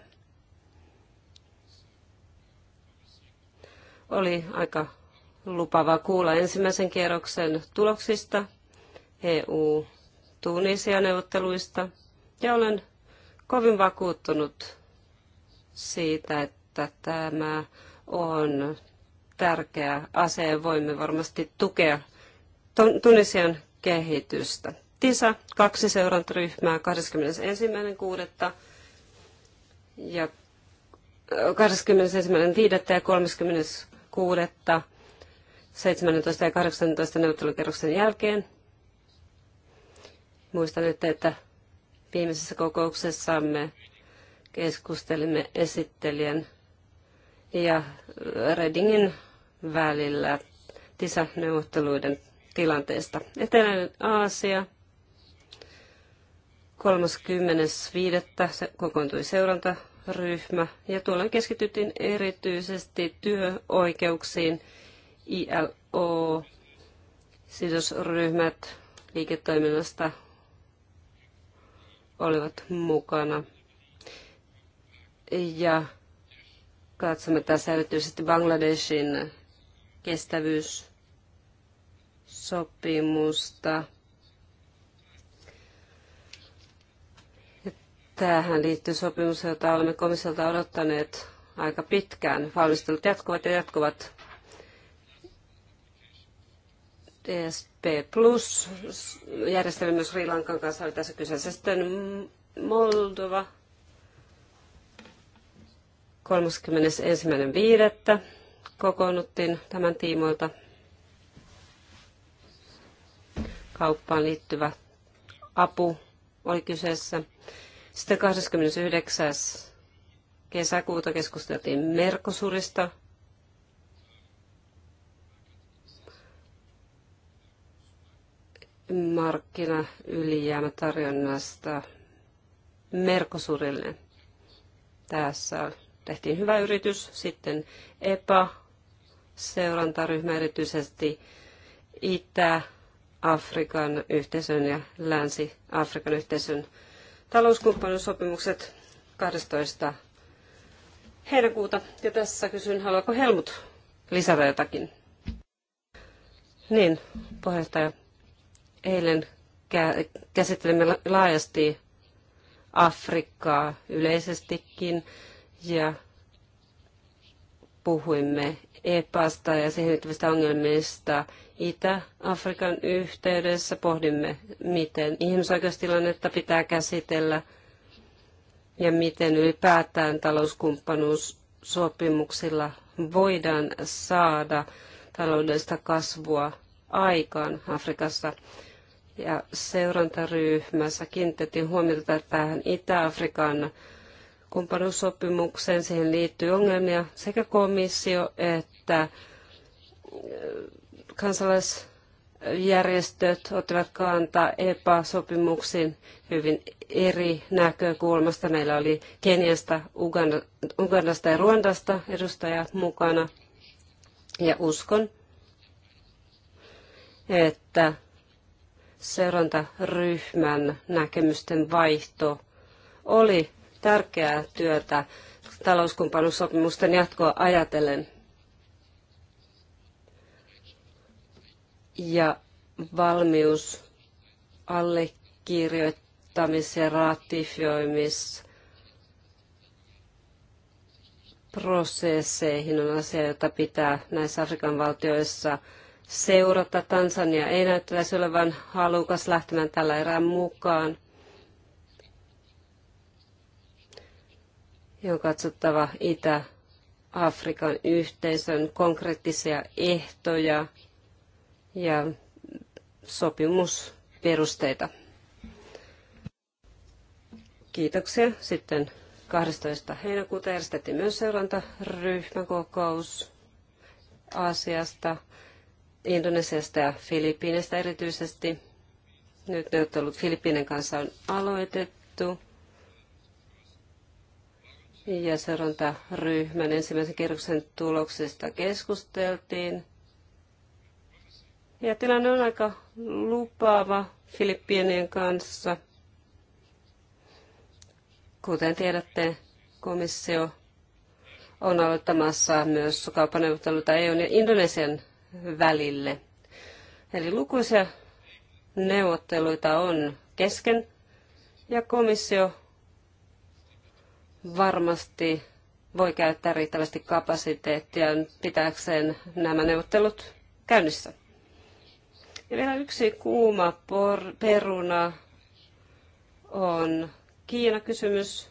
Oli aika lupavaa kuulla ensimmäisen kierroksen tuloksista EU-Tunisia neuvotteluista. Ja olen kovin vakuuttunut siitä, että tämä on tärkeä ase. Voimme varmasti tukea Tunisian kehitystä. TISA, kaksi seurantaryhmää 21.6. ja 21.5. ja 36. 17 ja 18 neuvottelukerroksen jälkeen. Muistan, nyt että viimeisessä kokouksessamme keskustelimme esittelijän ja Redingin välillä TISA-neuvotteluiden tilanteesta. Eteläinen Aasia 30.5. kokoontui seurantaryhmä ja tuolloin keskityttiin erityisesti työoikeuksiin, ILO, sidosryhmät liiketoiminnasta olivat mukana. Ja katsomme tässä erityisesti Bangladeshin kestävyys sopimusta. Tähän liittyy sopimus, jota olemme komissiolta odottaneet aika pitkään. Valmistelut jatkuvat ja jatkuvat. DSP Plus järjestelmä myös Sri Lankan kanssa oli tässä kyseessä. Sitten Moldova 31.5. kokoonnuttiin tämän tiimoilta kauppaan liittyvä apu oli kyseessä. Sitten 29. kesäkuuta keskusteltiin Merkosurista. markkinaylijäämätarjonnasta Merkosurille. Tässä tehtiin hyvä yritys. Sitten EPA, seurantaryhmä erityisesti Itä- Afrikan yhteisön ja Länsi-Afrikan yhteisön talouskumppanuussopimukset 12. heinäkuuta. Ja tässä kysyn, haluaako Helmut lisätä jotakin? Niin, puheenjohtaja. Eilen käsittelimme laajasti Afrikkaa yleisestikin ja puhuimme EPAsta ja siihen liittyvistä ongelmista Itä-Afrikan yhteydessä. Pohdimme, miten ihmisoikeustilannetta pitää käsitellä ja miten ylipäätään talouskumppanuussopimuksilla voidaan saada taloudellista kasvua aikaan Afrikassa. Ja seurantaryhmässä kiinnitettiin huomiota tähän Itä-Afrikan kumppanuussopimukseen. Siihen liittyy ongelmia sekä komissio että äh, kansalaisjärjestöt ottivat kantaa EPA-sopimuksiin hyvin eri näkökulmasta. Meillä oli Keniasta, Ugandasta ja Ruandasta edustajat mukana. Ja uskon, että seurantaryhmän näkemysten vaihto oli tärkeää työtä talouskumppanuussopimusten jatkoa ajatellen. Ja valmius allekirjoittamis- ja ratifioimisprosesseihin on asia, jota pitää näissä Afrikan valtioissa seurata. Tansania ei näyttäisi olevan halukas lähtemään tällä erää mukaan. on katsottava Itä-Afrikan yhteisön konkreettisia ehtoja ja sopimusperusteita. Kiitoksia. Sitten 12. heinäkuuta järjestettiin myös seurantaryhmäkokous Aasiasta, Indonesiasta ja Filippiinestä erityisesti. Nyt neuvottelut Filippiinen kanssa on aloitettu ja seurantaryhmän ensimmäisen kierroksen tuloksista keskusteltiin. Ja tilanne on aika lupaava Filippiinien kanssa. Kuten tiedätte, komissio on aloittamassa myös kauppaneuvotteluita EUn ja Indonesian välille. Eli lukuisia neuvotteluita on kesken ja komissio varmasti voi käyttää riittävästi kapasiteettia pitääkseen nämä neuvottelut käynnissä. Ja vielä yksi kuuma por- peruna on Kiina-kysymys.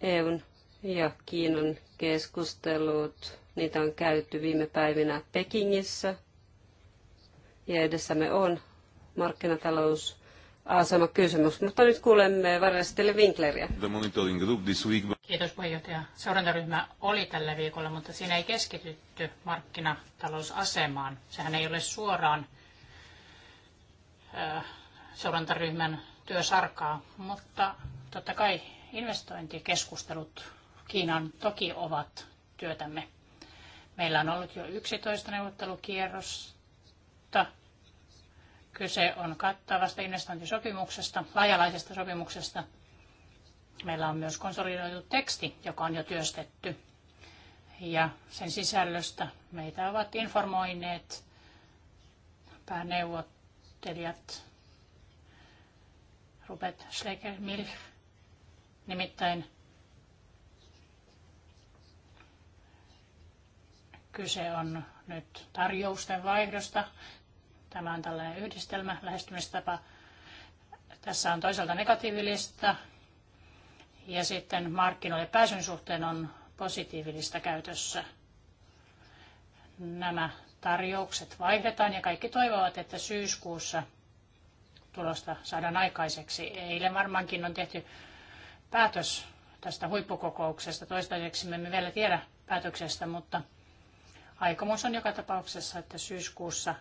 EUn ja Kiinan keskustelut, niitä on käyty viime päivinä Pekingissä. Ja edessämme on markkinatalous asema kysymys, mutta nyt kuulemme varastelle Winkleria. Kiitos puheenjohtaja. Seurantaryhmä oli tällä viikolla, mutta siinä ei keskitytty markkinatalousasemaan. Sehän ei ole suoraan seurantaryhmän työsarkaa, mutta totta kai investointikeskustelut Kiinan toki ovat työtämme. Meillä on ollut jo 11 neuvottelukierrosta Kyse on kattavasta investointisopimuksesta, laajalaisesta sopimuksesta. Meillä on myös konsolidoitu teksti, joka on jo työstetty. Ja sen sisällöstä meitä ovat informoineet pääneuvottelijat Rupert Schlegelmilch, nimittäin kyse on nyt tarjousten vaihdosta Tämä on tällainen yhdistelmä, lähestymistapa. Tässä on toisaalta negatiivillista ja sitten markkinoille pääsyn suhteen on positiivillista käytössä. Nämä tarjoukset vaihdetaan ja kaikki toivovat, että syyskuussa tulosta saadaan aikaiseksi. Eilen varmaankin on tehty päätös tästä huippukokouksesta. Toistaiseksi me emme vielä tiedä päätöksestä, mutta aikomus on joka tapauksessa, että syyskuussa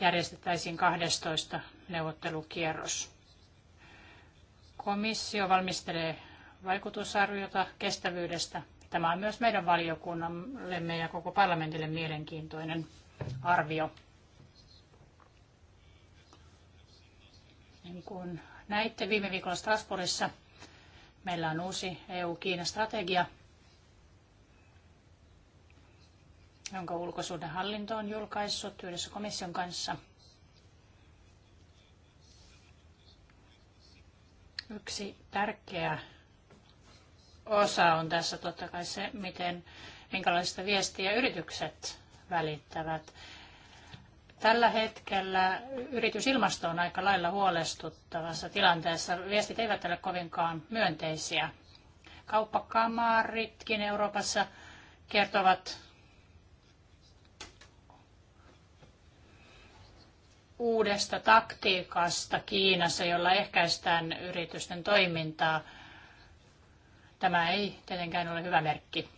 järjestettäisiin 12 neuvottelukierros. Komissio valmistelee vaikutusarviota kestävyydestä. Tämä on myös meidän valiokunnallemme ja koko parlamentille mielenkiintoinen arvio. Niin kuin näitte viime viikolla Strasbourgissa, meillä on uusi EU-Kiina-strategia – jonka ulkosuhdehallinto on julkaissut yhdessä komission kanssa. Yksi tärkeä osa on tässä totta kai se, miten, minkälaista viestiä yritykset välittävät. Tällä hetkellä yritysilmasto on aika lailla huolestuttavassa tilanteessa. Viestit eivät ole kovinkaan myönteisiä. Kauppakamaritkin Euroopassa kertovat uudesta taktiikasta Kiinassa, jolla ehkäistään yritysten toimintaa. Tämä ei tietenkään ole hyvä merkki.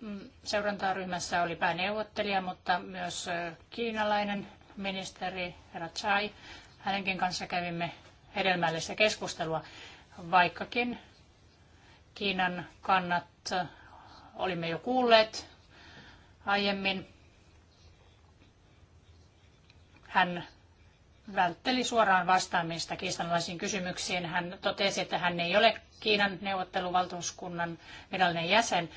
Mm, seurantaryhmässä oli pääneuvottelija, mutta myös kiinalainen ministeri herra Chai. Hänenkin kanssa kävimme hedelmällistä keskustelua, vaikkakin Kiinan kannat olimme jo kuulleet aiemmin. Hän vältteli suoraan vastaamista kiistanalaisiin kysymyksiin. Hän totesi, että hän ei ole Kiinan neuvotteluvaltuuskunnan virallinen jäsen,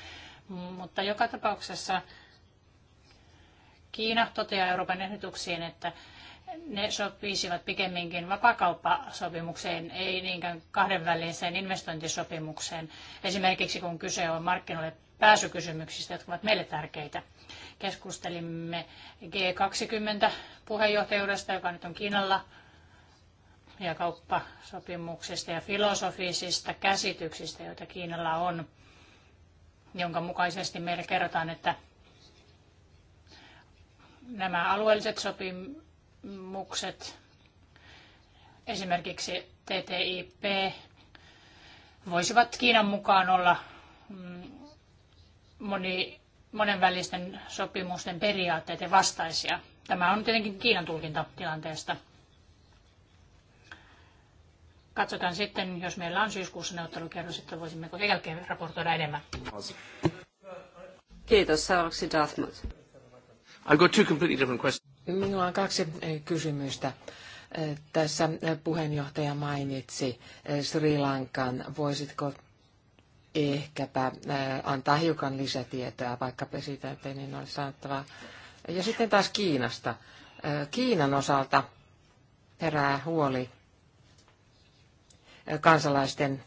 mutta joka tapauksessa Kiina toteaa Euroopan ehdotuksiin, että ne sopisivat pikemminkin vapakauppasopimukseen, ei niinkään kahdenväliseen investointisopimukseen. Esimerkiksi kun kyse on markkinoille pääsykysymyksistä, jotka ovat meille tärkeitä. Keskustelimme G20-puheenjohtajuudesta, joka nyt on Kiinalla, ja kauppasopimuksista ja filosofisista käsityksistä, joita Kiinalla on, jonka mukaisesti meille kerrotaan, että nämä alueelliset sopimukset, esimerkiksi TTIP, voisivat Kiinan mukaan olla mm, moni, monenvälisten sopimusten ja vastaisia. Tämä on tietenkin Kiinan tulkinta tilanteesta. Katsotaan sitten, jos meillä on syyskuussa neuvottelukierros, että voisimmeko sen jälkeen raportoida enemmän. Kiitos. Seuraavaksi Dartmouth. I've got two completely different questions. Minulla on kaksi eh, kysymystä. Eh, tässä eh, puheenjohtaja mainitsi Sri Lankan. Voisitko ehkäpä äh, antaa hiukan lisätietoa, vaikka siitä ei niin ole sanottavaa. Ja sitten taas Kiinasta. Äh, Kiinan osalta herää huoli äh, kansalaisten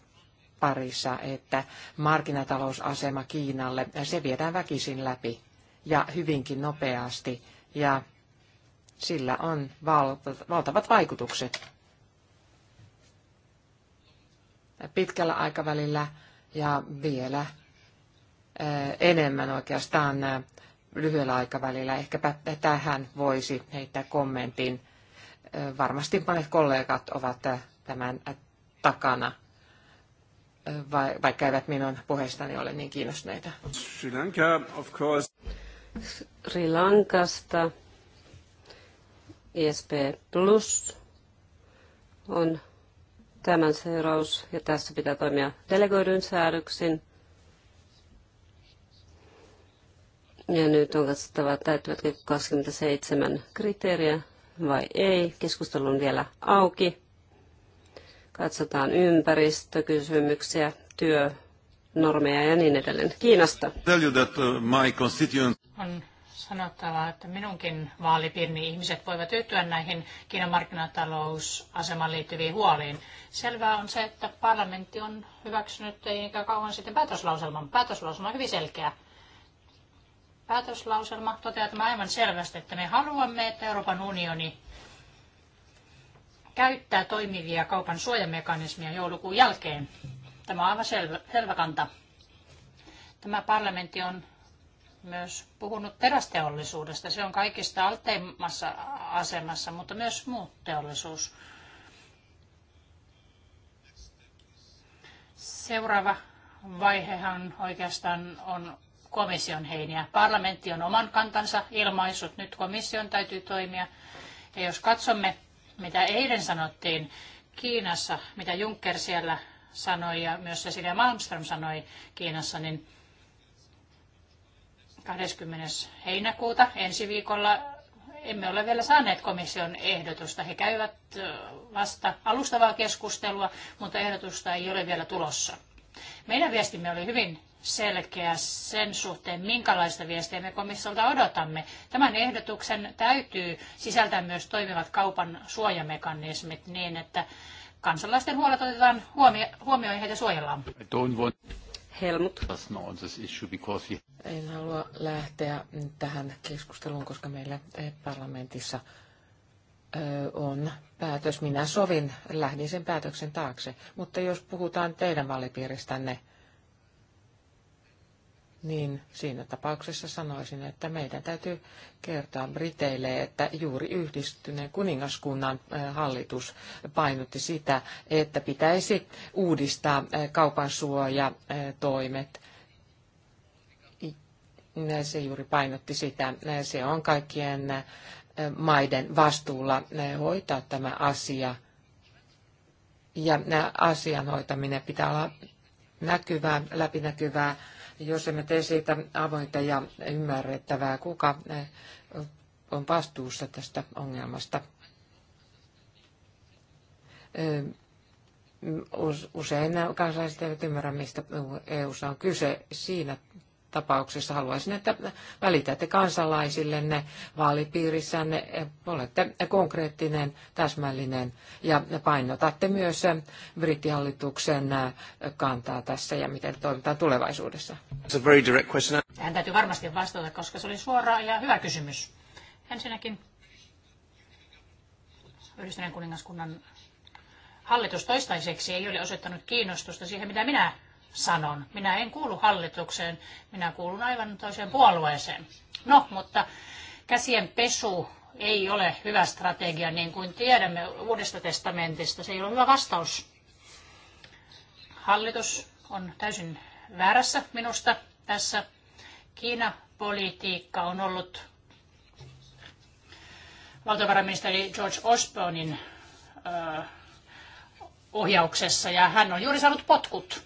parissa, että markkinatalousasema Kiinalle, se viedään väkisin läpi ja hyvinkin nopeasti. Ja sillä on valtavat vaikutukset pitkällä aikavälillä ja vielä eh, enemmän oikeastaan eh, lyhyellä aikavälillä. Ehkäpä tähän voisi heittää kommentin. Eh, varmasti monet kollegat ovat tämän takana, vaikka eivät minun puheestani ole niin kiinnostuneita. Sri Lanka, of course. Sri Lankasta ISP e Plus on tämän seuraus, ja tässä pitää toimia delegoidun säädöksin. Ja nyt on katsottava, täyttyvätkö 27 kriteeriä vai ei. Keskustelu on vielä auki. Katsotaan ympäristökysymyksiä, työnormeja ja niin edelleen. Kiinasta. Uh, on sanottava, että minunkin vaalipiirini ihmiset voivat yhtyä näihin Kiinan markkinatalousasemaan liittyviin huoliin. Selvää on se, että parlamentti on hyväksynyt eikä kauan sitten päätöslauselman. Päätöslauselma on hyvin selkeä. Päätöslauselma toteaa tämä aivan selvästi, että me haluamme, että Euroopan unioni käyttää toimivia kaupan suojamekanismia joulukuun jälkeen. Tämä on aivan selvä, selvä kanta. Tämä parlamentti on myös puhunut terästeollisuudesta. Se on kaikista alteimmassa asemassa, mutta myös muu teollisuus. Seuraava vaihehan oikeastaan on komission heiniä. Parlamentti on oman kantansa ilmaisut. nyt komission täytyy toimia. Ja jos katsomme, mitä eilen sanottiin Kiinassa, mitä Juncker siellä sanoi ja myös Cecilia Malmström sanoi Kiinassa, niin 20. heinäkuuta ensi viikolla. Emme ole vielä saaneet komission ehdotusta. He käyvät vasta alustavaa keskustelua, mutta ehdotusta ei ole vielä tulossa. Meidän viestimme oli hyvin selkeä sen suhteen, minkälaista viestiä me komissiolta odotamme. Tämän ehdotuksen täytyy sisältää myös toimivat kaupan suojamekanismit niin, että kansalaisten huolet otetaan huomioon ja heitä suojellaan. Helmut. En halua lähteä tähän keskusteluun, koska meillä eh, parlamentissa eh, on päätös. Minä sovin, lähdin sen päätöksen taakse. Mutta jos puhutaan teidän vaalipiiristänne, niin siinä tapauksessa sanoisin, että meidän täytyy kertoa Briteille, että juuri yhdistyneen kuningaskunnan eh, hallitus painotti sitä, että pitäisi uudistaa eh, kaupan suojatoimet. Eh, se juuri painotti sitä. Se on kaikkien maiden vastuulla hoitaa tämä asia. Ja asian hoitaminen pitää olla näkyvää, läpinäkyvää jos emme tee siitä avointa ja ymmärrettävää, kuka eh, on vastuussa tästä ongelmasta. Eh, usein kansalaiset eivät ymmärrä, mistä EU on kyse. Siinä tapauksessa haluaisin, että välitätte kansalaisillenne vaalipiirissänne, olette konkreettinen, täsmällinen ja painotatte myös brittihallituksen kantaa tässä ja miten toimitaan tulevaisuudessa. Tähän täytyy varmasti vastata, koska se oli suora ja hyvä kysymys. Ensinnäkin Yhdistyneen kuningaskunnan hallitus toistaiseksi ei ole osoittanut kiinnostusta siihen, mitä minä sanon. Minä en kuulu hallitukseen, minä kuulun aivan toiseen puolueeseen. No, mutta käsien pesu ei ole hyvä strategia, niin kuin tiedämme Uudesta testamentista. Se ei ole hyvä vastaus. Hallitus on täysin väärässä minusta tässä. Kiina-politiikka on ollut valtiovarainministeri George Osbornin ohjauksessa ja hän on juuri saanut potkut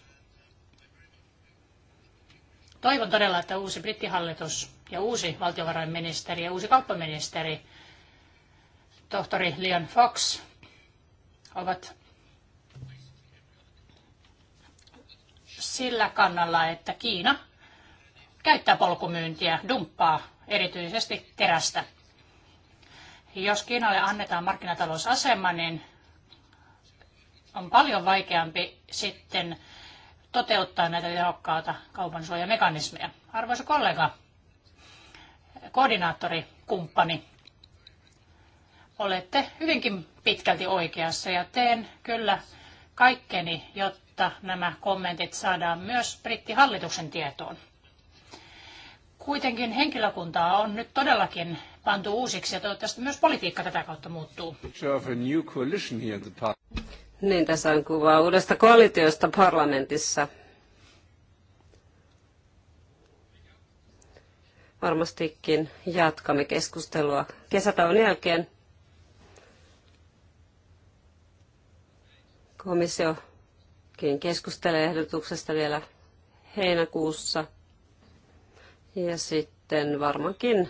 Toivon todella, että uusi brittihallitus ja uusi valtiovarainministeri ja uusi kauppaministeri, tohtori Leon Fox, ovat sillä kannalla, että Kiina käyttää polkumyyntiä, dumppaa erityisesti terästä. Jos Kiinalle annetaan markkinatalousasema, niin on paljon vaikeampi sitten toteuttaa näitä tehokkaita suojamekanismeja. Arvoisa kollega, koordinaattori, kumppani, olette hyvinkin pitkälti oikeassa ja teen kyllä kaikkeni, jotta nämä kommentit saadaan myös brittihallituksen tietoon. Kuitenkin henkilökuntaa on nyt todellakin pantu uusiksi ja toivottavasti myös politiikka tätä kautta muuttuu. Niin, tässä on kuva uudesta koalitiosta parlamentissa. Varmastikin jatkamme keskustelua kesätaun jälkeen. Komissiokin keskustelee ehdotuksesta vielä heinäkuussa. Ja sitten varmaankin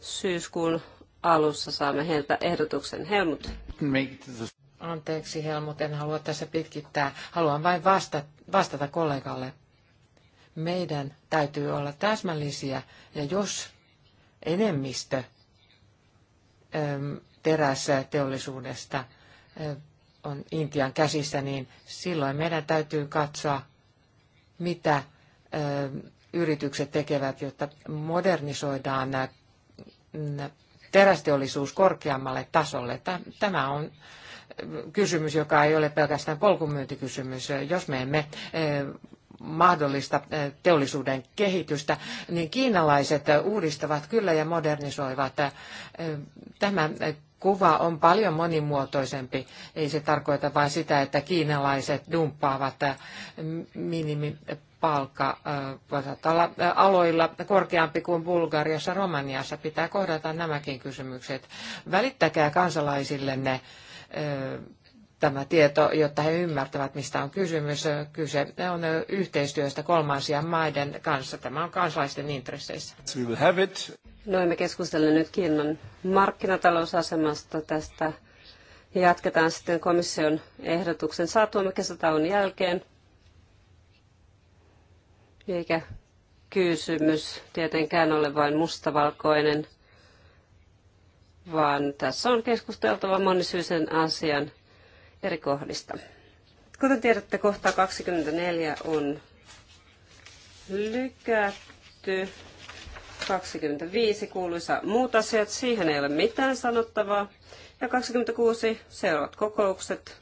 syyskuun alussa saamme heiltä ehdotuksen. Helmut. Anteeksi Helmut, en halua tässä pitkittää. Haluan vain vastata, vastata kollegalle. Meidän täytyy olla täsmällisiä ja jos enemmistö ähm, terästeollisuudesta äh, on Intian käsissä, niin silloin meidän täytyy katsoa, mitä äh, yritykset tekevät, jotta modernisoidaan terästeollisuus korkeammalle tasolle. Tämä on kysymys, joka ei ole pelkästään polkumyyntikysymys. Jos me emme eh, mahdollista eh, teollisuuden kehitystä, niin kiinalaiset uudistavat kyllä ja modernisoivat. Eh, tämä kuva on paljon monimuotoisempi. Ei se tarkoita vain sitä, että kiinalaiset dumppaavat minimipalkka olla aloilla korkeampi kuin Bulgariassa, Romaniassa. Pitää kohdata nämäkin kysymykset. Välittäkää kansalaisillenne ne tämä tieto, jotta he ymmärtävät, mistä on kysymys. Kyse on yhteistyöstä kolmansien maiden kanssa. Tämä on kansalaisten intresseissä. No me keskustelemme nyt Kiinan markkinatalousasemasta tästä. Jatketaan sitten komission ehdotuksen saatuamme kesätauon jälkeen. Eikä kysymys tietenkään ole vain mustavalkoinen – vaan tässä on keskusteltava monisyisen asian eri kohdista. Kuten tiedätte, kohta 24 on lykätty. 25 kuuluisa muut asiat, siihen ei ole mitään sanottavaa. Ja 26 seuraavat kokoukset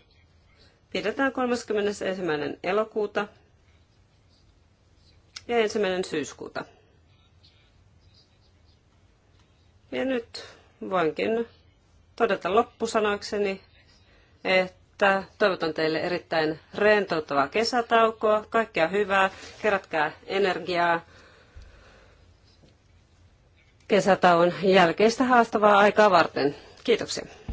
pidetään 31. elokuuta ja 1. syyskuuta. Ja nyt voinkin todeta loppusanoikseni, että toivotan teille erittäin rentouttavaa kesätaukoa, kaikkea hyvää, kerätkää energiaa kesätauon jälkeistä haastavaa aikaa varten. Kiitoksia.